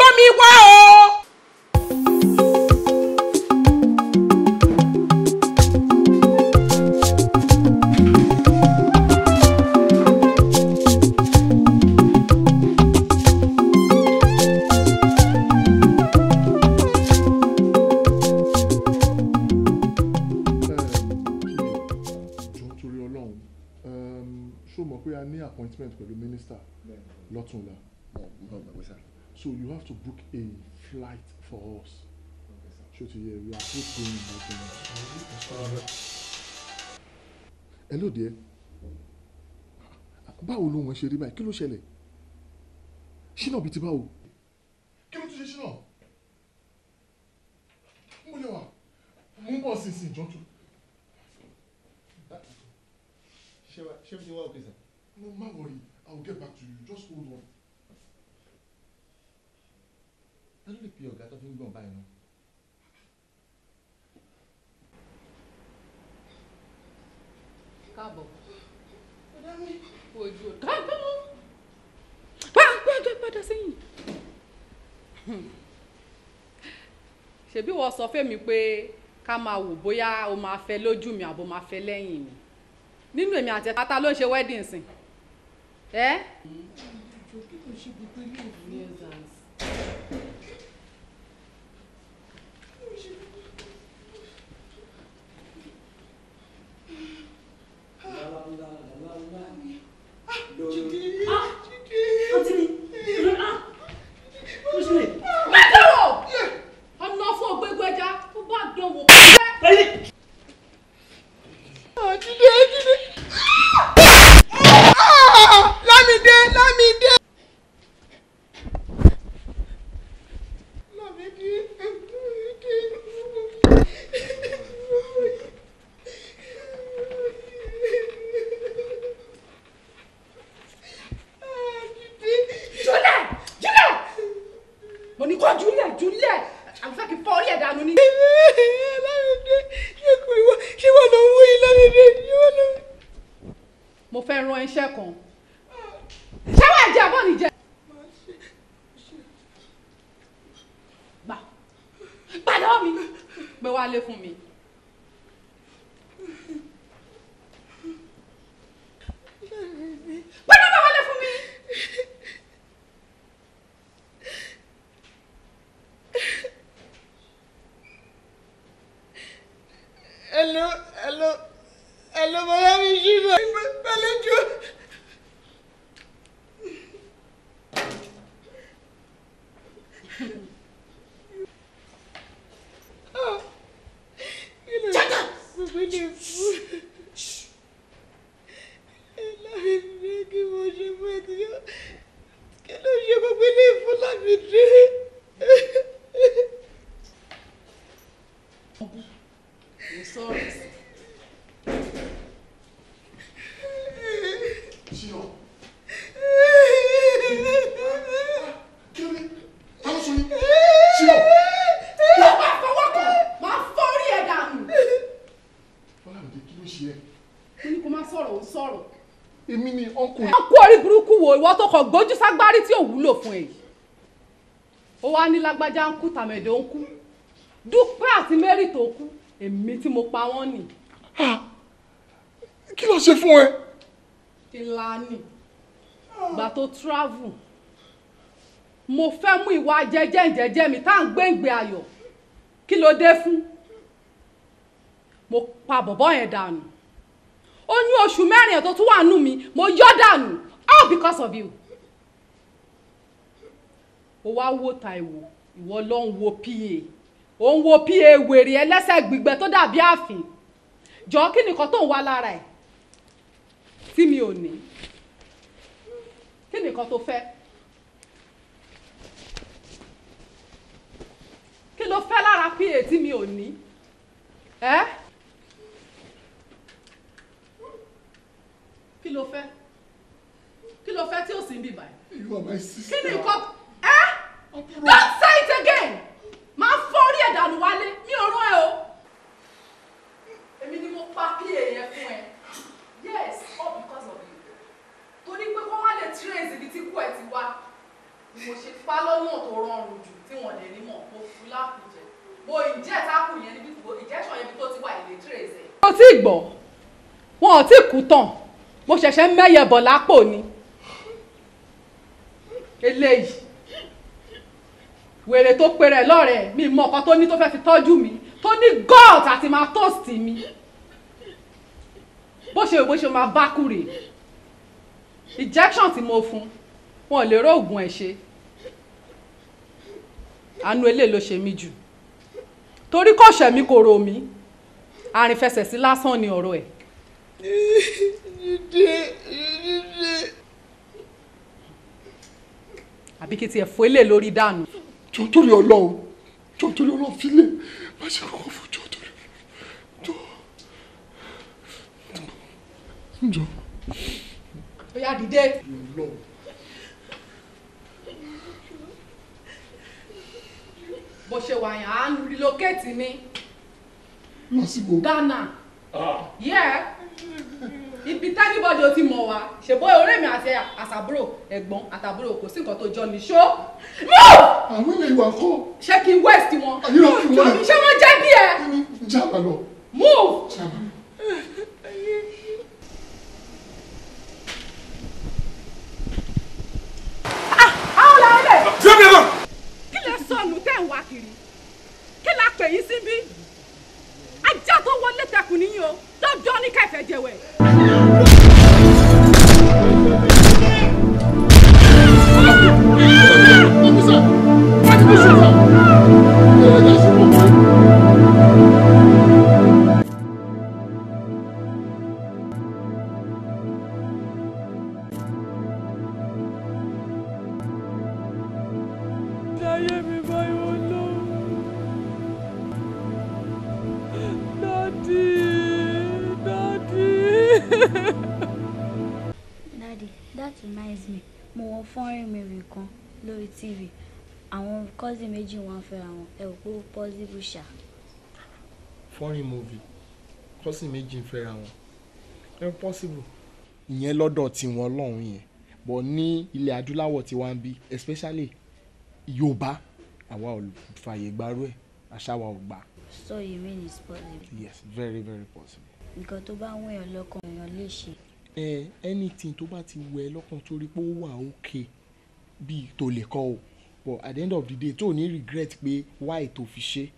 kí ló ṣẹlẹ̀ ṣínà bíi ti báwo kí ló tún ṣe ṣínà mo lè wà mo ń bọ̀ sí ìsìn ìjọ́jú. ṣé ṣé o ti wá òkè sàn. no má worry i will get back to you just hold on. ṣebí wọ́n sọ fẹ́mi pé ká máa wò bóyá o máa fẹ́ lójú mi àbò máa fẹ́ lẹ́yìn mi nínú èmi àti ẹ̀ta ló ń ṣe wedding sìn ẹ́. Hello, hello, hello, bana bir şey var. wúlò fún èyí ó wá ní lágbájá ń kú tàmẹ̀dọ̀ ń kú dúpẹ́ àti mary tó kú èmi tí mo pa wọ́n nì. kí ló ṣe fún ẹ. ìlànà ìgbà tó travel mo fẹ́ mú ìwà jẹjẹ ìjẹjẹ mi tá à ń gbẹ̀ngbẹ̀ ayọ̀ kí ló dé fún mo pa bọ̀bọ́ yẹn dànù oyún oṣù mẹ́rin ẹ̀ tó tún wà nù mí mo yọ́ dànù all because of you o wá wo Táíwò ìwọ ló ń wo pa o ń wo pa wèrè ẹlẹ́sẹ̀ gbígbẹ tó dàbí àfin jọ kí nìkan tó ń wá lára ẹ̀ tí mi o ní kí nìkan tó fẹ́ kí ló fẹ́ lára pa tí mi ò ní ẹ́ kí ló fẹ́ kí ló fẹ́ tí ó sì ń bì báyìí kí nìkan don't say it again máa fọ́ orí ẹ̀ dànù wálé mi ò rán ẹ o. èmi ni mo pa pa èèyàn fún ẹ yes all because of you torí pé kó wá lè trace ibi tí kú ẹ ti wá mo ṣe pa lọ́nà tó rọrùn jù tí wọ́n lè ní mọ̀ mo fún lákùjẹ mo ìjẹ́ tákù yẹn níbi tó ìjẹ́sọ̀ yẹn níbi tó ti wà ìlè trace ẹ. mo ti gbọ́ wọn ò tí kú tán mo ṣẹ̀ṣẹ̀ mẹ́yẹ̀ bọ̀ lápò ni eléyìí wèrè tó pèrè lọ́rẹ̀ẹ́ mi mọ ọkọ tó ní tó fẹ́ fi tọ́jú mi tó ní gọ́ọ̀t àti máa tóòsì mi bó ṣe bó ṣe máa bá kúrè injection tí mo fún wọn ò lè ró oògùn ẹ̀ ṣe àánú eléyìí ló ṣe mí jù torí kò ṣẹ̀ mí kò rò mí àrìnfẹsẹ̀ sí lásán ni ọ̀rọ̀ ẹ̀. àbí kí tiẹ̀ fọ́ eléyìí lórí dànù jọ torí ọlọ́run jọ torí ọlọ́run fílẹ̀ má ṣe kọ́kọ́ fún jọ torí jọ jọ. ó yá dìde. ọlọ́run. bó ṣe wà yàn á ń relocate mi. lásìkò. Ghana. Ah. yeah ibi tẹ́nibọ́dì ó ti mọ̀ wá ṣèbó ọ̀rẹ́ mi àti àsàbúrò ẹ̀gbọ́n àtàbúrò kò sí nǹkan tó jọ mi ṣó. àwọn ilé ìwà kọ. ṣé kí n west wọn. àyè ọ̀hún ìwà rẹ̀. ṣé wọ́n jẹ́ bí ẹ. já a lọ. move. já a lọ. Ah, àwọn làwọn lẹ. kí lè sọnù tẹ̀ ń wá kiri kí lè pè yín síbí ajá tó wọlé tẹkùn níyìn o dandan ní kẹfẹ jẹwẹ. Thank you. movie méjì wọn fẹ́ra wọn ẹ rò pé ó ṣá. foreign movie kọ́sìn méjì fẹ́ra wọn ẹ possible. ìyẹn lọ́dọ̀ tiwọn lọ́hùn yẹn bọ̀ ní ilẹ̀ adúláwọ̀ tí wọ́n ń bí especially yorùbá àwa ò fààyè gbárù ẹ̀ àṣà wa ò gbà. so you mean it's possible. yes very very possible. nǹkan tó bá wọ̀ ẹ́ lọ́kàn èèyàn lè ṣe. ẹ anything tó bá ti wọ ẹ lọ́kàn torí pé ó wà okay bíi tó but at the end of the day tó o ní regret pé why to fi ṣe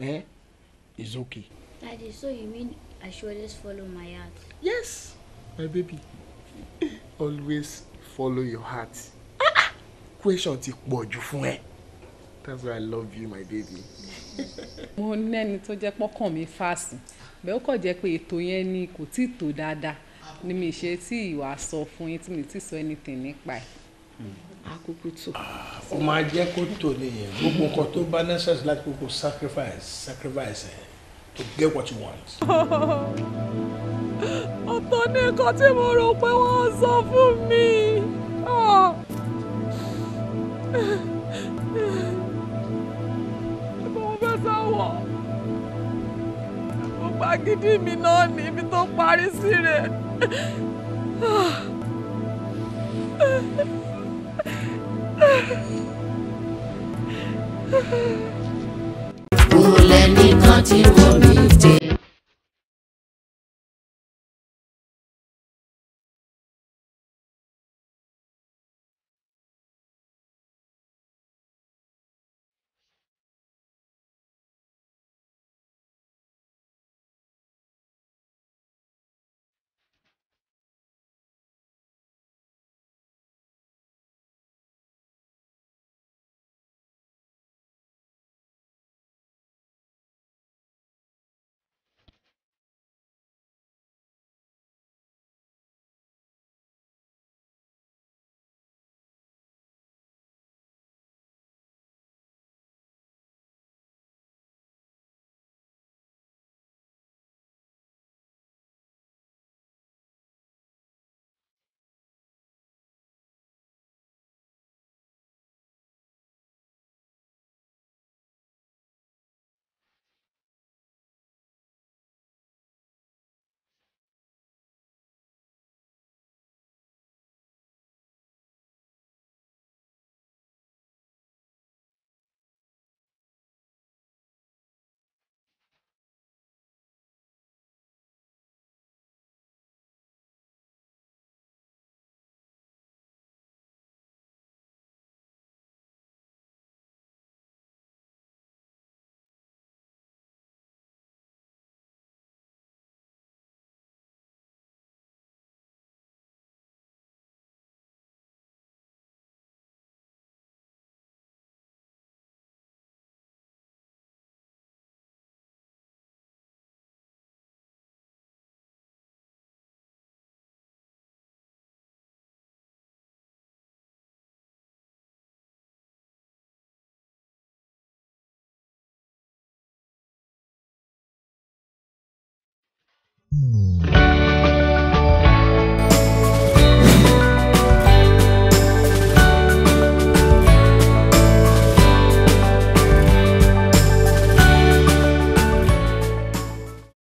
eh? it's okay. Daddy, so you mean I should always follow my heart? Yes, my baby. always follow your heart. question ti pọ̀ jù fún ẹ. that's why I love you my baby. mo nẹ́ni tó jẹ́ pọ́kàn mi fásì bẹ́ẹ̀ ó kàn jẹ́ pé ètò yẹn ni kò tí ì tó dáadáa ni mi ṣe tí ìwà sọ fún yín tí mi ti sọ anything nípa ẹ̀. Hmm àkókò tó. Ah, ó máa jẹ́ kó tò nìyẹn gbogbo nǹkan tó bá necessary láti kókó sacrifice sacrifice to get what you want. ọ̀tọ̀ ni nǹkan tí mo rò pé wọ́n sọ fún mi. Ah. mo fẹ́ sáwọ̀ mo gbàgídí mi náà ní ibi tó parí sí rẹ̀. Ah. Kò lẹ́nìkan tí wọ́n mi dé. Mm.